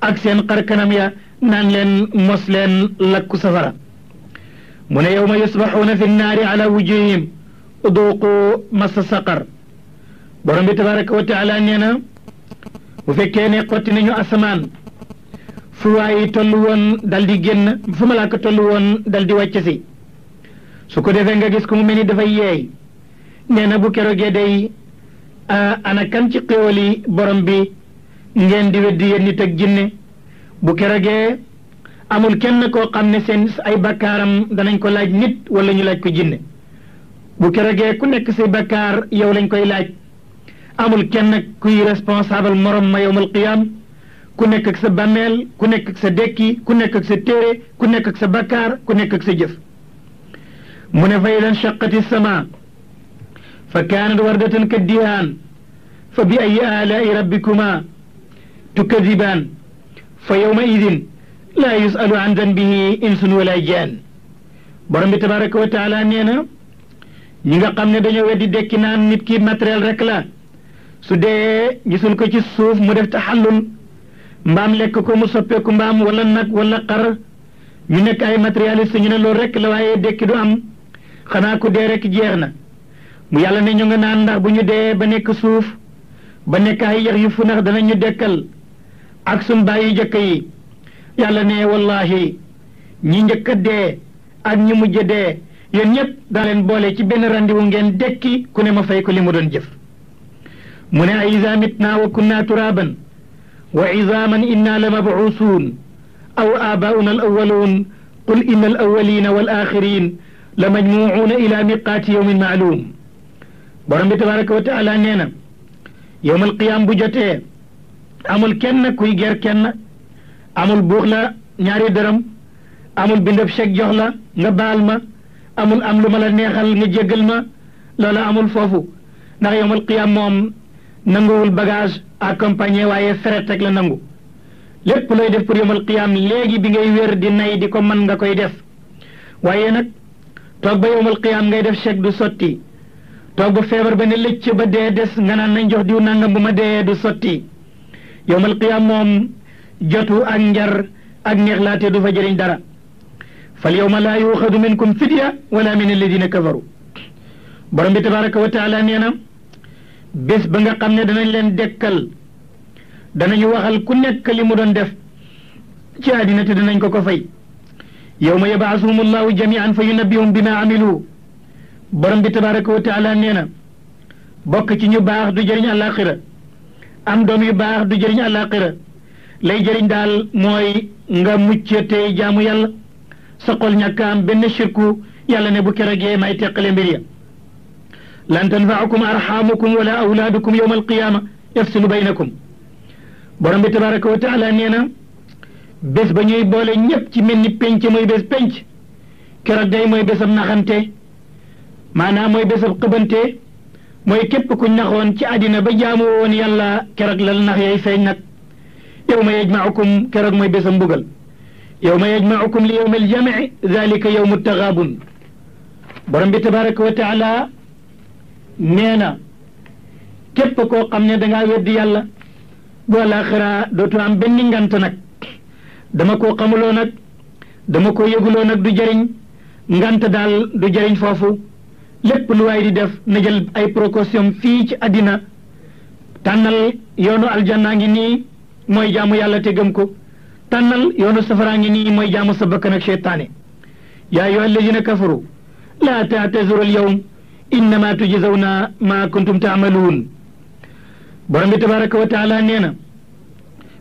ak seen xarkanam ya naan leen mos leen lakku safara mu ne yowma yusbaxuuna fi nnaari ala wujuhihim uduqu massa saqar borom bi tabaraka wa taala nee na bu fekkee ne xotti nañu asamaan fu waayi toll woon dal di génn fu malaaka toll woon dal di wàcc si su ko defee nga gis ko mu mel ni dafay yeey nee na bu keroogee day ah, ana kam ci xéwali borom bi ngeen di weddi yéen nit ak jinne bu kerogee amul kenn koo xam ne seen ay bakkaaram danañ ko laaj nit wala ñu laaj ko jinne bu kerogee ku nekk say bakkaar yow lañ koy laaj amul kenn kuy responsable morom ma yowmal qiyaam ku nekk ak sa bàmmeel ku nekk ak sa dekki ku nekk ak sa téere ku nekk ak sa bakkaar ku nekk ak sa jëf mu ne fa idan shaqati sama fa kaanat wardatan ka dihaan fa bi ay alaai rabbikuma tukadibaan fa yawma idin laa yusalu an danbihi insun wala jaan borom bi tabaraka wa taala nee na ñi nga xam ne wet weddi dekki naan nit ki matériel rek la su dee gisul ko ci suuf mu def taxallul mbaam lekk ko mu soppeeku mbaam walla nag wala xar ñu nekk ay matérialiste ñu ne loolu rek la waaye dekki du am xanaa ko dee rekk jeex na mu yàlla ne ñu nga naan ndax bu ñu dee ba nekk suuf ba nekk ay yax yu funax ñu dekkal ak sun bàyyi jëkk yi yàlla ne wallahi ñi njëkk a dee ak ñi mujj dee yéen ñëpp daa leen boole ci benn randiwu ngeen dekki ku ne ma fay ko li mu doon jëf mu ne a iza mitna wa kunna turaban wa izaaman inna la mabuusuun aw aabaa'una al awwaluun qul inna al awwaliina wal aaxiriin la majmuucuuna ila miqaati yawmin maaluum borom bi tabaraka wa taala nee na yowmal qiyaam bu jotee amul kenn kuy ger kenn amul buux la ñaari dërëm amul bindab chèque jox la nga baal ma amul am lu ma la neexal nga jéggal ma loola amul foofu ndax yowmal qiyaam moom nanguwul bagage accompagné waaye feret rek la nangu lépp looy def pour yowmal qiyaam léegi bi ngay wér di nay di ko mën nga koy def waaye nag toog ba yowmal qiyaam ngay def chèque du sotti toog ba feebar ba ne lëcc ba dee des nga naan nañ jox diw nangam bu ma dee du sotti yowmal qiyaam moom jotu ak njar ak neexlaate du fa jëriñ dara fal yowma laa yuuxadu minkum fidya wala min alladina kafaru borom bi tabaraka wa taala nee na bés ba nga xam ne danañ leen dekkal danañu waxal ku nekk li mu doon def ci àddina te danañ ko ko fay yowma ba allahu jamian fa yunabbihum bima amilu borom bi tabaraka wa taala nee na bokk ci ñu baax du jëriñ àllaaxira am doom yu baax du jëriñ àllaaxira lay jëriñ daal mooy nga mucc tey jaamu yàlla sa xol ñàkk benn shirku yàlla ne bu keroogee may teqale mbir ya lan tanfaakum arxaamukum wala awlaadukum yowma alqiyaama yafsilu baynakum borom bi tabaraka wa taala nee na bés ba ñuy boole ñëpp ci mel ni penc mooy bés penc keroog day mooy bésab naxante maanaam mooy bésab xëbante mooy képp ku naxoon ci àddina ba jaamu woon yàlla keroog la nax yay feeñ nag yow ma yajmaukum keroog mooy bésam mbugal yow ma yajmaukum li yowm aljamci dalika yowmu taxaabun na képp koo xam ne dangaa weddi yàlla bu àlaxira dootu nag dama koo xamuloo nag dama koo yëguloo nag du jëriñ ngant daal du jëriñ foofu lépp lu waay di def na ay précaution fii ci àddina tànnal yoonu aljanna ngi nii mooy jaamu yàlla te gëm ko tànnal yoonu safaraa ngi nii mooy jaamu sa bakkan ak seytaane yaa ayyuha alladina kafaru laa taataziru alyawm innama tujzawna ma kuntum taamaluun borom bi tabaraka wa nee na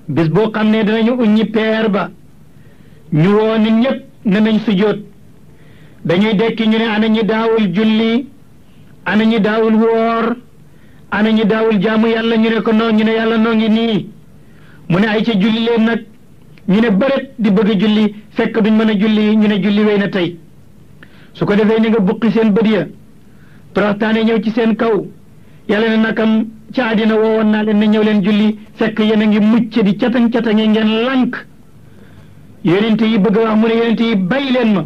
bis boo xam ne danañu uññi peer ba ñu woo nit ne nañ sujjoot dañuy dekki ñu ne ana ñi daawul julli ana ñi daawul woor ana ñi daawul jàmm yàlla ñu ne ko noo ñu ne yàlla noo ngi nii mu ne ay ca julli leen nag ñu ne bëret di bëgg julli fekk duñ mën a julli ñu ne julli wéy na tey su ko defee ni nga buqi seen bët ya toroxtaane ñëw ci seen kaw yàlla ne nakam ca àddina woowoon naa leen ne ñëw leen julli fekk yéen a ngi mucc di catan-catange ngeen lànk yonente yi bëgg a wax mu ne yonente yi bay leen ma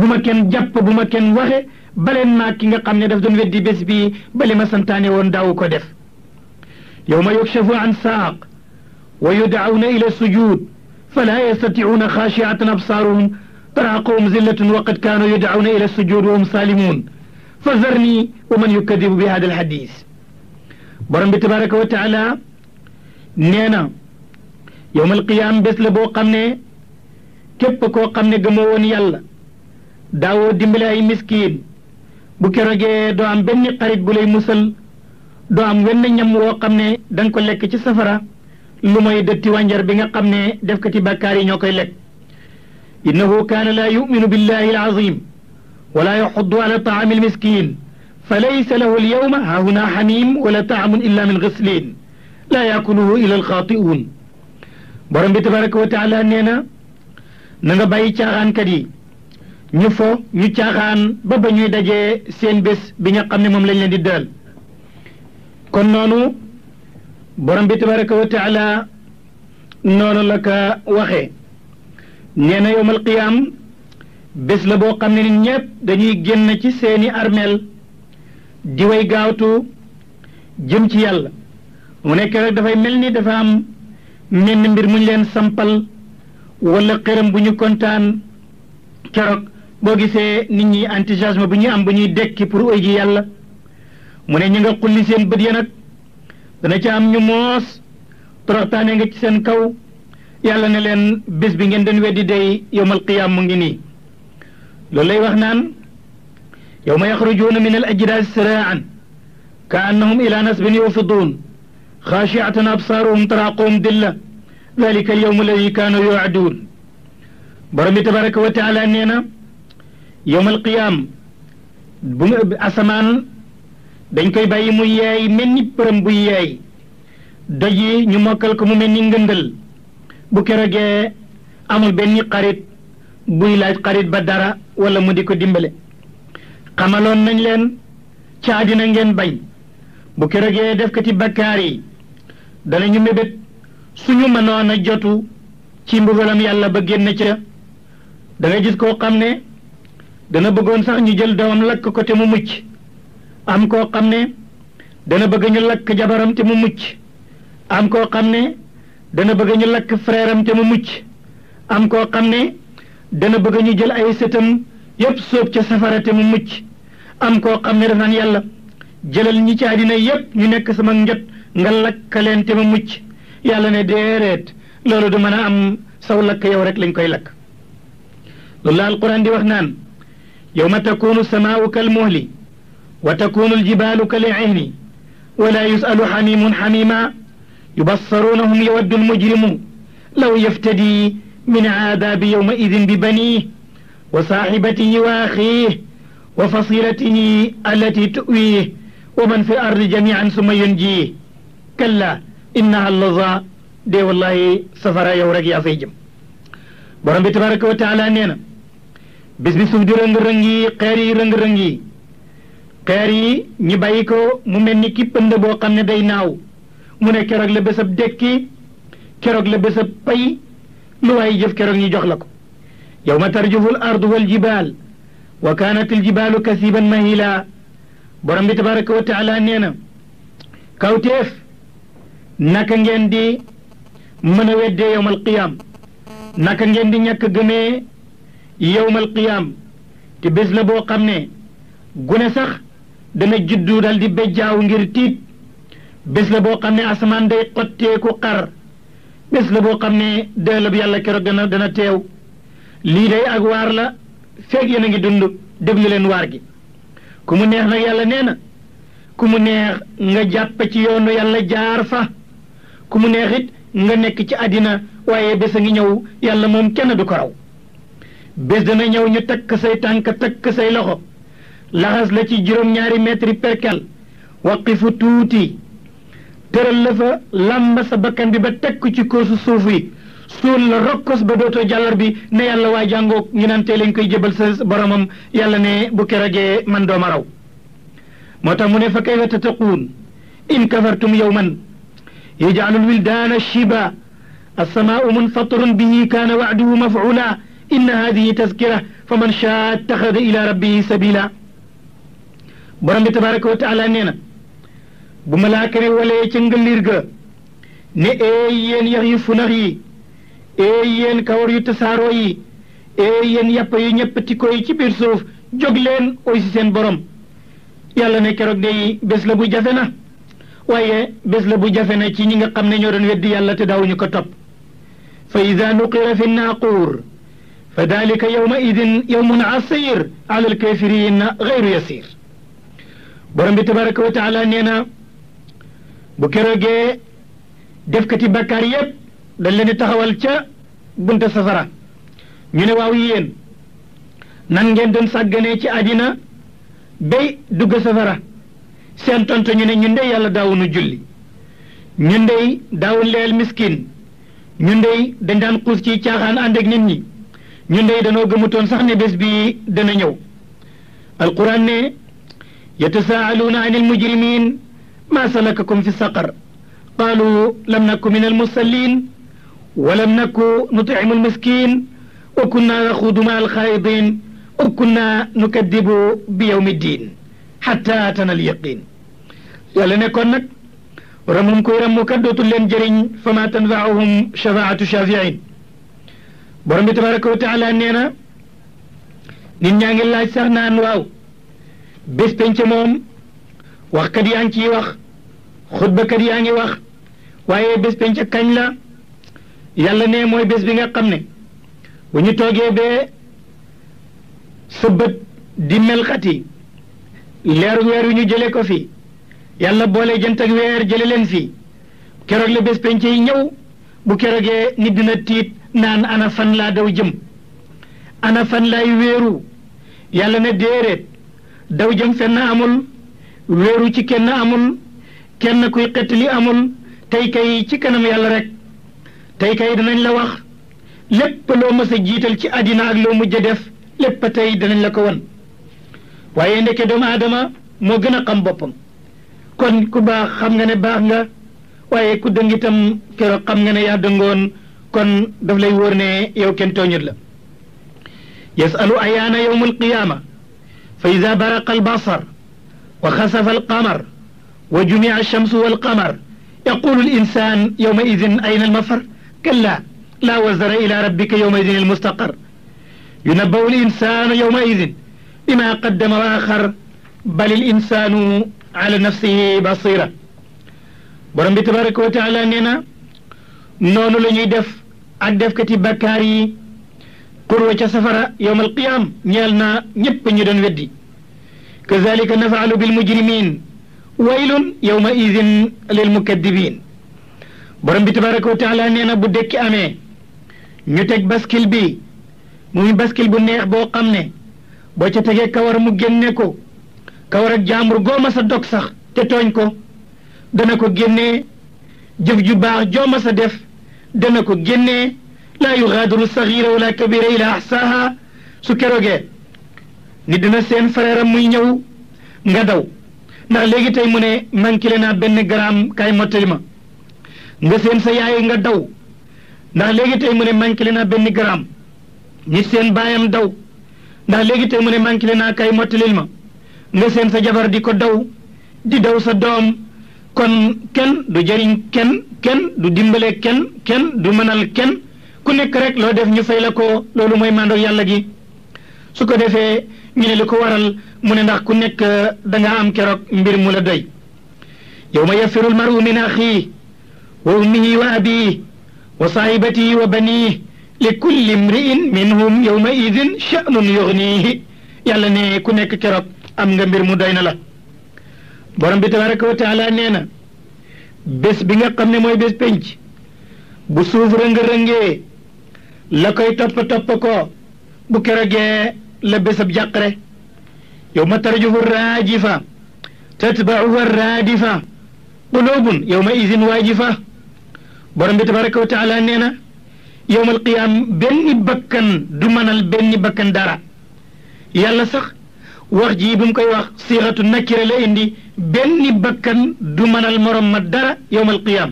bu ma kenn jàpp bu ma kenn waxe baleen naa ki nga xam ne daf doon weddi bés bi bale ma santaane woon daawu ko def yawma yukshafu an saaq wa yud'awna ila sujud fala yastati'una khashi'atan absaruhum tarhaquhum zillatun wa qad kanu yud'awna ila sujud wa hum salimun fazarni wa man yukadibu bi hada alhadis borom bi tabaraka wa taala nee na yawma alqiyam bés la boo xam ne képp koo xam ne gëmoo woon yàlla daawoo dimbale ay miskiin bu kerogee doo am benn xarit bu lay musal doo am wenn ñam woo xam ne da nga ko lekk ci safara lu mooy dëtti wànjar bi nga xam ne def ko ci bàkkaar yi ñoo koy lekk innahu kaana laa yuminu billahi alazim wala yaxuddu ala taami almiskin fa laysa lahu alyawma hahuna xamim wala taamun illa min gislin laa yaakuluhu illa alxaati'un borom bi tabaraka wa taala nee na na nga bàyyi caaxaankat yi ñu fo ñu caaxaan ba ba ñuy dajee seen bés bi nga xam ne moom lañ leen di dëral kon noonu borom bi tabaraka wa noonu la waxe waxee nee na yowmal qiyaam bés la boo xam ne nit ñépp dañuy génn ci seeni armeel di way gaawtu jëm ci yàlla mu nekk rek dafay mel ni dafa am menn mbir mu leen sampal wala xëram bu ñu kontaan keroog boo gisee nit ñi enthousiasme bu ñuy am bu ñuy dekki pour uy gi yàlla mu ne ñu nga xulli seen bët ya dana ci am ñu moos toroxtaane nga ci seen kaw yàlla ne leen bés bi ngeen doon weddi day yowmal qiyaam mu ngi nii loolu lay wax naan yowma yaxrujuuna min al ajdaas siraan ka annahum ila nasbin yufiduun xaashiatan absaaruhum taraaquhum dilla dalika al yowmu alladi kaanu yuaduun borom bi wa taala nee na yowmal qiyaam bu nga asamaan dañ koy bàyyi mu yeey mel ni përëm buy yeey doj yi ñu mokkal ko mu mel ni ngëndal bu kerogee amul benn xarit buy laaj xarit ba dara wala mu di ko dimbale xamaloon nañ leen ca àddina ngeen bañ bu kerogee defkati bakkaar yi danañu mébét suñu mënoon a jotu ci mbugalam yàlla ba génn ca da nga gis koo xam ne dana bëggoon sax ñu jël doomam lakk ko te mu mucc am koo xam ne dana bëgg ñu lakk jabaram te mu mucc am koo xam ne dana bëgg ñu lakk frère te mu mucc am koo xam ne dana bëgg ñu jël ay sëtam yépp sóob ca safara te mu mucc am koo xam ne danaan yàlla jëlal ñi ci àddina yépp ñu nekk sama njot nga lakkaleen te mu mucc yàlla ne déeréet loolu du mën a am saw lakk yow rek lañ koy lakk loolu la alquran di wax naan yawma takuunu samaau kal muhli wa takuunu aljibaalu kal ihni wala yusalu xamiimun xamiima yubassaruunahum yawaddu almujrimu law yaftadi min aadaabi yawma idin bi baniih wa saaxibatihi wa axiih wa fasilatihi allati tuwiih wa man fi ardi jamiican summa yunjiih kalla innaha lazaa dee wallahi safara yow rek yaa fay jëm borom bi tabaraka wa taala nee na bis bi suuf di rëng-rëng yi xeer yi rëng-rëng yi xeer yi ñi bàyyi ko mu mel ni ki pënd boo xam ne day naaw mu ne keroog la bésab dekki keroog la bésab pay lu waay jëf keroog ñi jox la ko yawma tarjuful ardu wal jibaal wa kaanat al jibaalu kasiban mahila borom bi tabaraka wa taala nee na kawteef naka ngeen di mën a weddee yowmal qiyaam naka ngeen di ñàkk gëmee yowmal qiyaam te bés la boo xam ne gune sax dana juddu dal di bejjaaw ngir tiit bés la boo xam ne asamaan day xotteeku xar bés la boo xam ne dellab yàlla keroog dana dana teew lii day ak waar la feeg yéen a ngi dund déglu leen waar gi ku mu neex nag yàlla nee na ku mu neex nga jàpp ci yoonu yàlla jaar fa ku mu neex nga nekk ci àddina waaye bés a ngi ñëw yàlla moom kenn du ko raw bés dana ñëw ñu takk say tànk takk say loxo laxas la ci juróom-ñaari mètre perkal waqifu tuuti tëral la fa làmba sa bakkan bi ba tekk ci koosu suuf yi suul la rokkos ba dootoo jàllar bi ne yàlla waa jàngook ñu naan tey lañ koy jëbal sa boromam yàlla ne bu kerogee man dooma raw moo tax mu ne fa kayfa tattaquun in kafartum yawman yaj'alul wildaana shiba as-samaa'u munfatirun bihi kaana wa'duhu maf'uula inna hadihi taskira fa man shaa taxada ila rabbihi sabila borom bi tabaraka wa taala nee na bu malaaka ne walee ca ngëliir ne eey yéen yax yu funax yi eey yéen kawar yu tasaaroo yi eey yéen yàpp yu ñepptikoo yi ci biir suuf jóg leen oy seen borom yàlla ne keroog day bés la bu jafe na waaye bés la bu jafe na ci ñi nga xam ne ñoo doon weddi yàlla te daawuñu ko topp fa ida nuqira fi naaquur fa dalika yawma idin yawmun asir ala na gayru yasir borom bi tabaraka wa taala nee na bu keroogee defkati bakkaar yépp dañ leen di taxawal ca bunte safara ñu ne waaw yéen nan ngeen doon sàgganee ci àddina bay dugg safara seen tontu ñu ne ñun de yàlla daawunu julli ñun de daawun leel miskin ñun de dañ daan xuus ci caaxaan ànd ak nit ñi ñun day danoo gëmutoon sax ne bés bi dana ñëw alquran ne yatasaaluuna an almujrimin ma salakakum fi saqar qaalu lam naku min almusallin wa lam naku nutcimu almiskin wa kunna naxuudu ma alxaaidin wa kunna nukaddibu bi yawmi ddin xatta atana alyaqin yàlla nekkoon nag ramum kuy ramukat dootul leen jëriñ fama tanfaahum shafaatu shafiin borom bi tabaraka wa nee na nit ñaa ngi laaj sax naan waaw bés penc moom waxkat yaa ngi ciy wax xutbakat yaa ngi wax waaye bés penc kañ la yàlla ne mooy bés bi nga xam ne bu ñu toogee bee sa di melxati leeru weer wi ñu jële ko fi yàlla boole jant ak weer jële leen fii keroog la bés penc yi ñëw bu keroogee nit dina tiit naan ana fan laa daw jëm ana fan laay wéeru yàlla ne déeréet daw jëm fenn amul wéeru ci kenn amul kenn kuy xettali amul tey kay ci kanam yàlla rek tey kay danañ la wax lépp loo mës jiital ci àddina ak loo mujj def lépp tey danañ la ko woon waaye ndeke doomu aadama moo gën a xam boppam kon ku baax xam nga ne baax nga waaye ku dëng keroog xam nga ne yaa dëngoon kon daf lay wóor ne yow kenn tooñut la yasalu ayaana yowm alqiyaama fa ida baraqa albasar wa xasafa alqamar wa jumia alchamsu walqamar yaqulu alinsaan yowma idin ayna almafar kalla laa wazara ila rabbika yowma idin almustaqar yunabbau alinsaanu yowma idin bima qaddama wa axar bal alinsaanu ala nafsihi basira borom bi tabaraka wa taala nee na noonu la ñuy def ak defkati bakkaar yi qurwa ca safara yowmal qiyaam ñeel na ñépp ñu doon weddi kazalika nafaalu bil mujrimin waylun yowma idin lil mukaddibin borom bi tabaraka wa taala nee na bu dekki amee ñu teg baskil bi muy baskil bu neex boo xam ne boo ca tegee kawar mu génne ko kawar ak jaambur gooma sa dog sax te tooñ ko dana ko génnee jëf ju baax jooma sa def dana ko génnee laa yuxaadiru saxiira wala kabira ila ahsaaha su keroogee ni dina seen frère muy ñëw nga daw ndax léegi tey mu ne manqué naa benn gramme kaay mottali ma nga seen sa yaay nga daw ndax léegi tey mu ne manqué naa benn gramme nit seen baayam daw ndax léegi tey mu ne manqué naa kaay mottalil ma nga seen sa jabar di ko daw di daw sa doom kon kenn du jëriñ kenn kenn du dimbale kenn kenn du mënal kenn ku nekk rek loo def ñu fay la ko loolu mooy màndoog yàlla gi su ko defee ñu ne li ko waral mu ne ndax ku nekk euh, danga nga am keroog mbir mu la doy yawma yafiru almaru min axiihi wa ummihi wa abiihi wa saahibatihi wa baniihi li kulli imri'in minhum yawma idin sha'nun yughniihi yàlla ne ku nekk keroog am nga mbir mu doy na la borom bi tabaraka wa taala nee na bés bi nga xam ne mooy bés pénc bu suuf rëng-rëngee la koy topp topp ko bu kerogee la bésab jàqare yow ma tarjufu raajifa tatbauha raadifa qulubun yow ma isin waajifa borom bi tabaraka wa taala nee na yowmal qiyaam benn bakkan du mënal benn bakkan dara yàlla sax wax ji bi koy wax siixatu nakira la indi benn bakkan du mënal morom ma dara yowmal qiyaam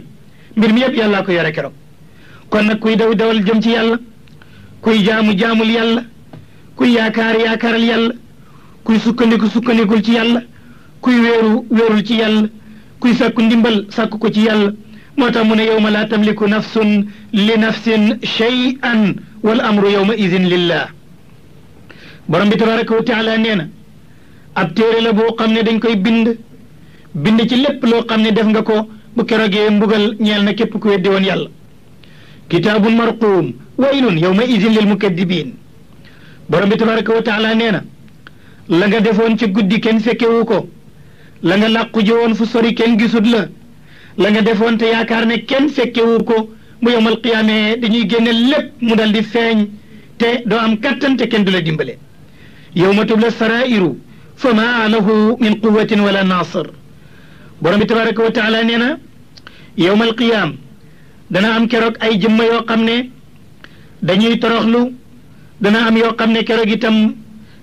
mbir mi yëpp yàllaa ko yore keroog kon nag kuy daw dawal jëm ci yàlla kuy jaamu jaamul yàlla kuy yaakaar yaakaaral yàlla kuy sukkandiku sukkandikul ci yàlla kuy wéeru wéerul ci yàlla kuy sàkku ndimbal sàkku ko ci yàlla moo tax mu ne yowma laa tamliku nafsun li nafsin shay'an wal amru yowma idin lillah borom bi tabaraka wa taala nee na ab téere la boo xam ne dañ koy bind bind ci lépp loo xam ne def nga ko bu kerogee mbugal ñeel na képp ku weddi woon yàlla kitaabun marquum waylun yawma idin lil mukaddibiin borom bi tabaraka wa taala nee na la nga defoon ci guddi kenn fekkewu ko la nga làqu woon fu sori kenn gisut la la nga defoon te yaakaar ne kenn fekkewu ko mu yowmal qiyaamee dañuy génne lépp mu dal di feeñ te doo am kattan te kenn du la dimbale yowma tubla sarairu fa maa lahu min quwatin wala nasir borom bi tabaraka wa taala nee na yowmal qiyaam dana am keroog ay jëmma yoo xam ne dañuy toroxlu dana am yoo xam ne keroog itam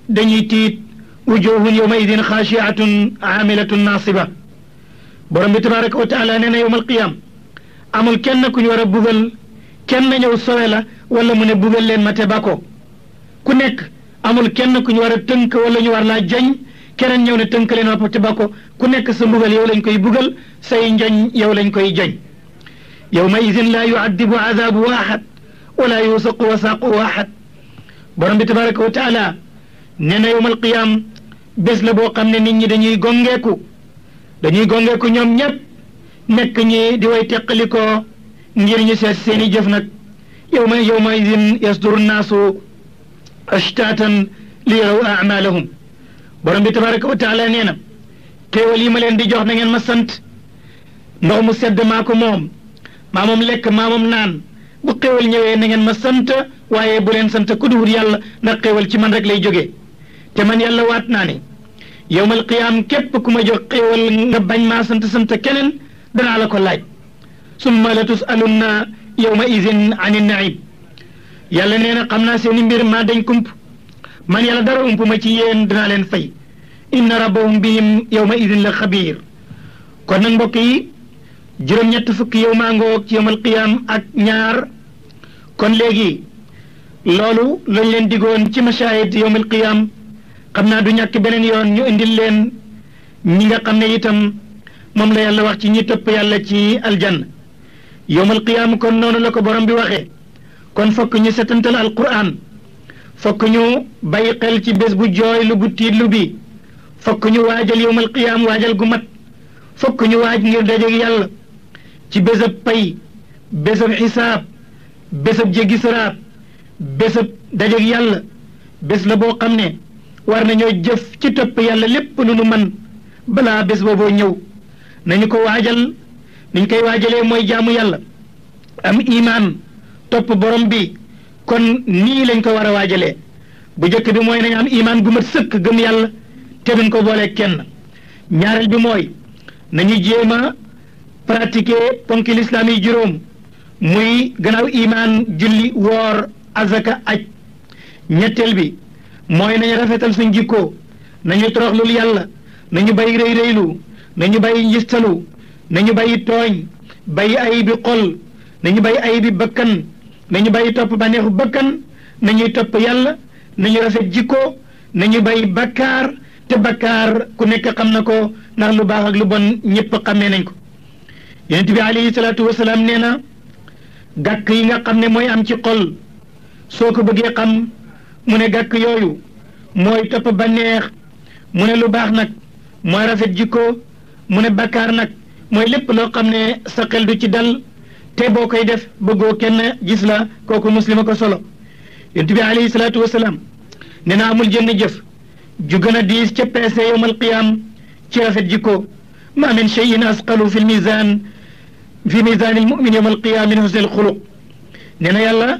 dañuy tiit wujuhun yowma idin xaashiatun aamilatun naasiba borom bi tabaraka wa taala nee amul kenn ku ñu war a bugal kenn ñëw sowe la wala mu ne bugal leen ma te ku nekk amul kenn ku ñu war a tënk wala ñu war laa jañ keneen ñëw ne tënkale nopp te ba ku nekk sa mbugal yow lañ koy bugal say njoñ yow lañ koy jañ yawma idin laa yuaddibu azaabu ahad wala yuusaqu wasaaqu ahad borom bi tabaraka wa taala nee na yowmal qiyaam bés la boo xam ne nit ñi dañuy gongeeku dañuy gongeeku ñoom ñépp nekk ñi di way teqalikoo ngir ñu seet seeni jëf nag yawma yawma idin yasduru nnaasu ashtaatan li yaraw amalahum borom bi tabaraka wa taala nee na xéewal yi ma leen di jox na ngeen ma sant ndox mu sedd maako moom maa moom lekk maa moom naan bu xéewal ñëwee na ngeen ma sant waaye bu leen sant ku yàlla ndax xéewal ci man rek lay joge te man yàlla waat naa ne yowmal qiyaam képp ku ma jox xéewal nga bañ maa sant sant keneen danaa la ko laaj summa la tusalunna yowma idin ani naib yàlla nee na xam naa seeni mbir maa dañ kump man yàlla dara ump ma ci yéen dinaa leen fay inna rabbahum bihim ma idin la xabiir kon nag mbokk yi juróom-ñett fukki yow maa ngoog ci yawmal qiyaam ak ñaar kon léegi loolu lañ leen digoon ci masaahid yawmal qiyaam xam naa du ñàkk beneen yoon ñu indil leen ñi nga xam ne itam moom la yàlla wax ci ñi topp yàlla ci aljanna yawmal qiyaam kon noonu la ko borom bi waxee kon fokk ñu setantal alquran fokk ñu bàyyi xel ci bés bu jooy lu bu tiitlu bi fokk ñu waajal yowmal qiyaam waajal gu mat fokk ñu waaj ngir dajeeg yàlla ci bésab pay bésab xisaab bésab jéggi saraab bésab dajeeg yàlla bés la boo xam ne war nañoo jëf ci topp yàlla lépp lu nu man balaa bés booboo ñëw nañu ko waajal niñ koy waajalee mooy jaamu yàlla am imaan topp borom bi kon nii lañ koy war a waajalee bu njëkk bi mooy nañ am imaan gu mat sëkk gën yàlla te duñ ko boolee kenn ñaareel bi mooy nañu jéem a pratiquer ponki lislaam yi juróom muy gannaaw imaan julli woor azaka aj ñetteel bi mooy nañu rafetal suñ jikkoo nañu toroxlul yàlla nañu bàyyi rëy rëylu nañu bàyyi njistalu nañu bàyyi tooñ bàyyi ay bi xol nañu bàyyi ay bi bakkan nañu bàyyi topp bànneexu bakkan nañuy topp yàlla nañu rafet jikko nañu bàyyi bakkaar te bakkaar ku nekk xam na ko ndax lu baax ak lu bon ñëpp xamee nañ ko yonent bi alayhi salaatu wasalaam nee na gàkk yi nga xam ne mooy am ci xol soo ko bëggee xam mu ne gàkk yooyu mooy topp bànneex mu ne lu baax nag mooy rafet jikko mu ne bakkaar nag mooy lépp loo xam ne sa xel du ci dal te boo koy def bëggoo kenn gis la kooku muslima ko solo yonent bi alayhi salaatu wasalaam nee na amul jënn jëf ju gën a diis ca a yowmal qiyaam ci rafet jikko ma min cheyin asqalu fi lmisan fi misan almumin yowm alqiyaam min husni nee na yàlla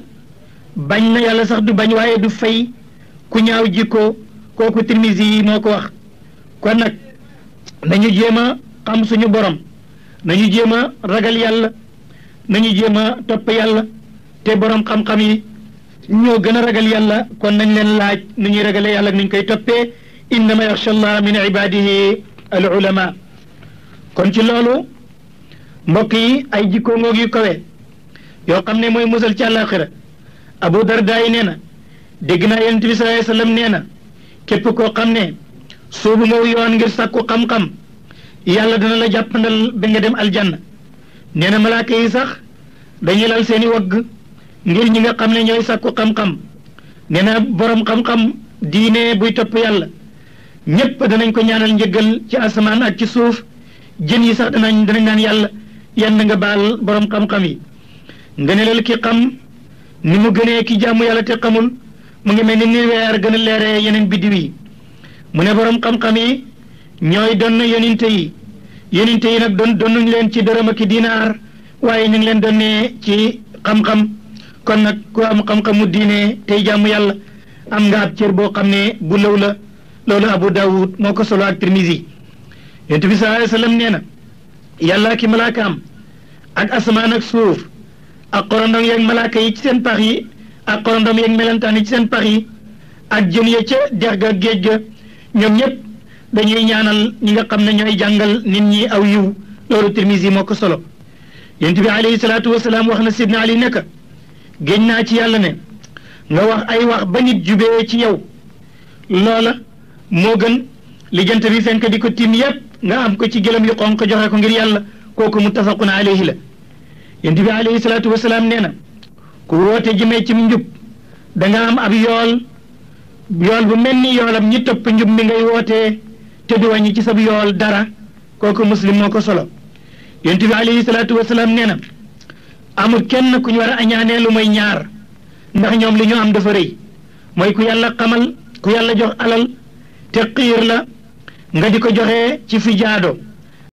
bañ na yàlla sax du bañ waaye du fay ku ñaaw jikko kooku tirmisi yi moo ko wax kon nag nañu jéem a xam suñu borom nañu jéem a ragal yàlla nañu jéem a topp yàlla te borom xam-xam yi ñoo gën a ragal yàlla kon nañ leen laaj nu ñuy ragalee yàlla ak ni koy toppee innama yaxsha allah min ibadihi al ulama kon ci loolu mbokk yi ay jikko ngoog yu kawe yoo xam ne mooy musal ci àllaaxira abu darda yi nee na dégg naa yonent bi sallallahu alayhi nee na képp koo xam ne suubu nga yoon ngir sàkku xam-xam yàlla dana la jàppandal ba nga dem aljanna nee na malaaka yi sax dañuy lal seeni wagg ngir ñi nga xam ne ñooy sàkku xam-xam nee na boroom xam-xam diine buy topp yàlla ñépp danañ ko ñaanal njëggal ci asamaan ak ci suuf jën yi sax danañ danañ naan yàlla yan nga baal boroom xam-xam yi nga ne lal ki xam ni mu gënee ki jàmm yàlla te xamul mu ngi mel ni ni weer gën a leeree yeneen biddiw yi mu ne boroom xam-xam yi ñooy doon yoninte yi yonente yi nag doon donnuñ leen ci dërëm ak dinaar waaye ñu ngi leen donnee ci xam-xam kon nag ku am xam-xamu diine tey jàmm yàlla am nga ab cër boo xam ne bu law la loolu Abu Dawud moo ko solo ak Tirmisi yonente bi sallallahu alayhi wasallam nee na yàlla ki malaakaam ak asamaan ak suuf ak xorondoom yeeg malaaka yi ci seen pax yi ak xorondoom yeeg melentaan yi ci seen pax yi ak jën ya ca dex ga géej ga ñoom ñëpp dañuy ñaanal ñi nga xam ne ñooy jàngal nit ñi aw yiw loolu Tirmisi moo ko solo yonent bi alayhi salaatu wasalaam wax na Sidna Ali nekk géñ naa ci yàlla ne nga wax ay wax ba nit jubee ci yow loola moo gën li jant bi fenk di ko tiim yépp nga am ko ci gëlëm yu xonq joxe ko ngir yàlla kooku muttafaqun alayhi la yonent bi alayhi salaatu wasalaam nee na ku woote jëmee ci njub danga am ab yool yool bu mel ni yoolam ñi topp njub mi ngay wootee te du wàññi ci sab yool dara kooku muslim moo ko solo yonent bi alayhi salaatu wasalaam nee na amul kenn ku ñu war a añaanee lu may ñaar ndax ñoom li ñu am dafa rëy mooy ku yàlla xamal ku yàlla jox alal te xiir la nga di ko joxe ci fi jaado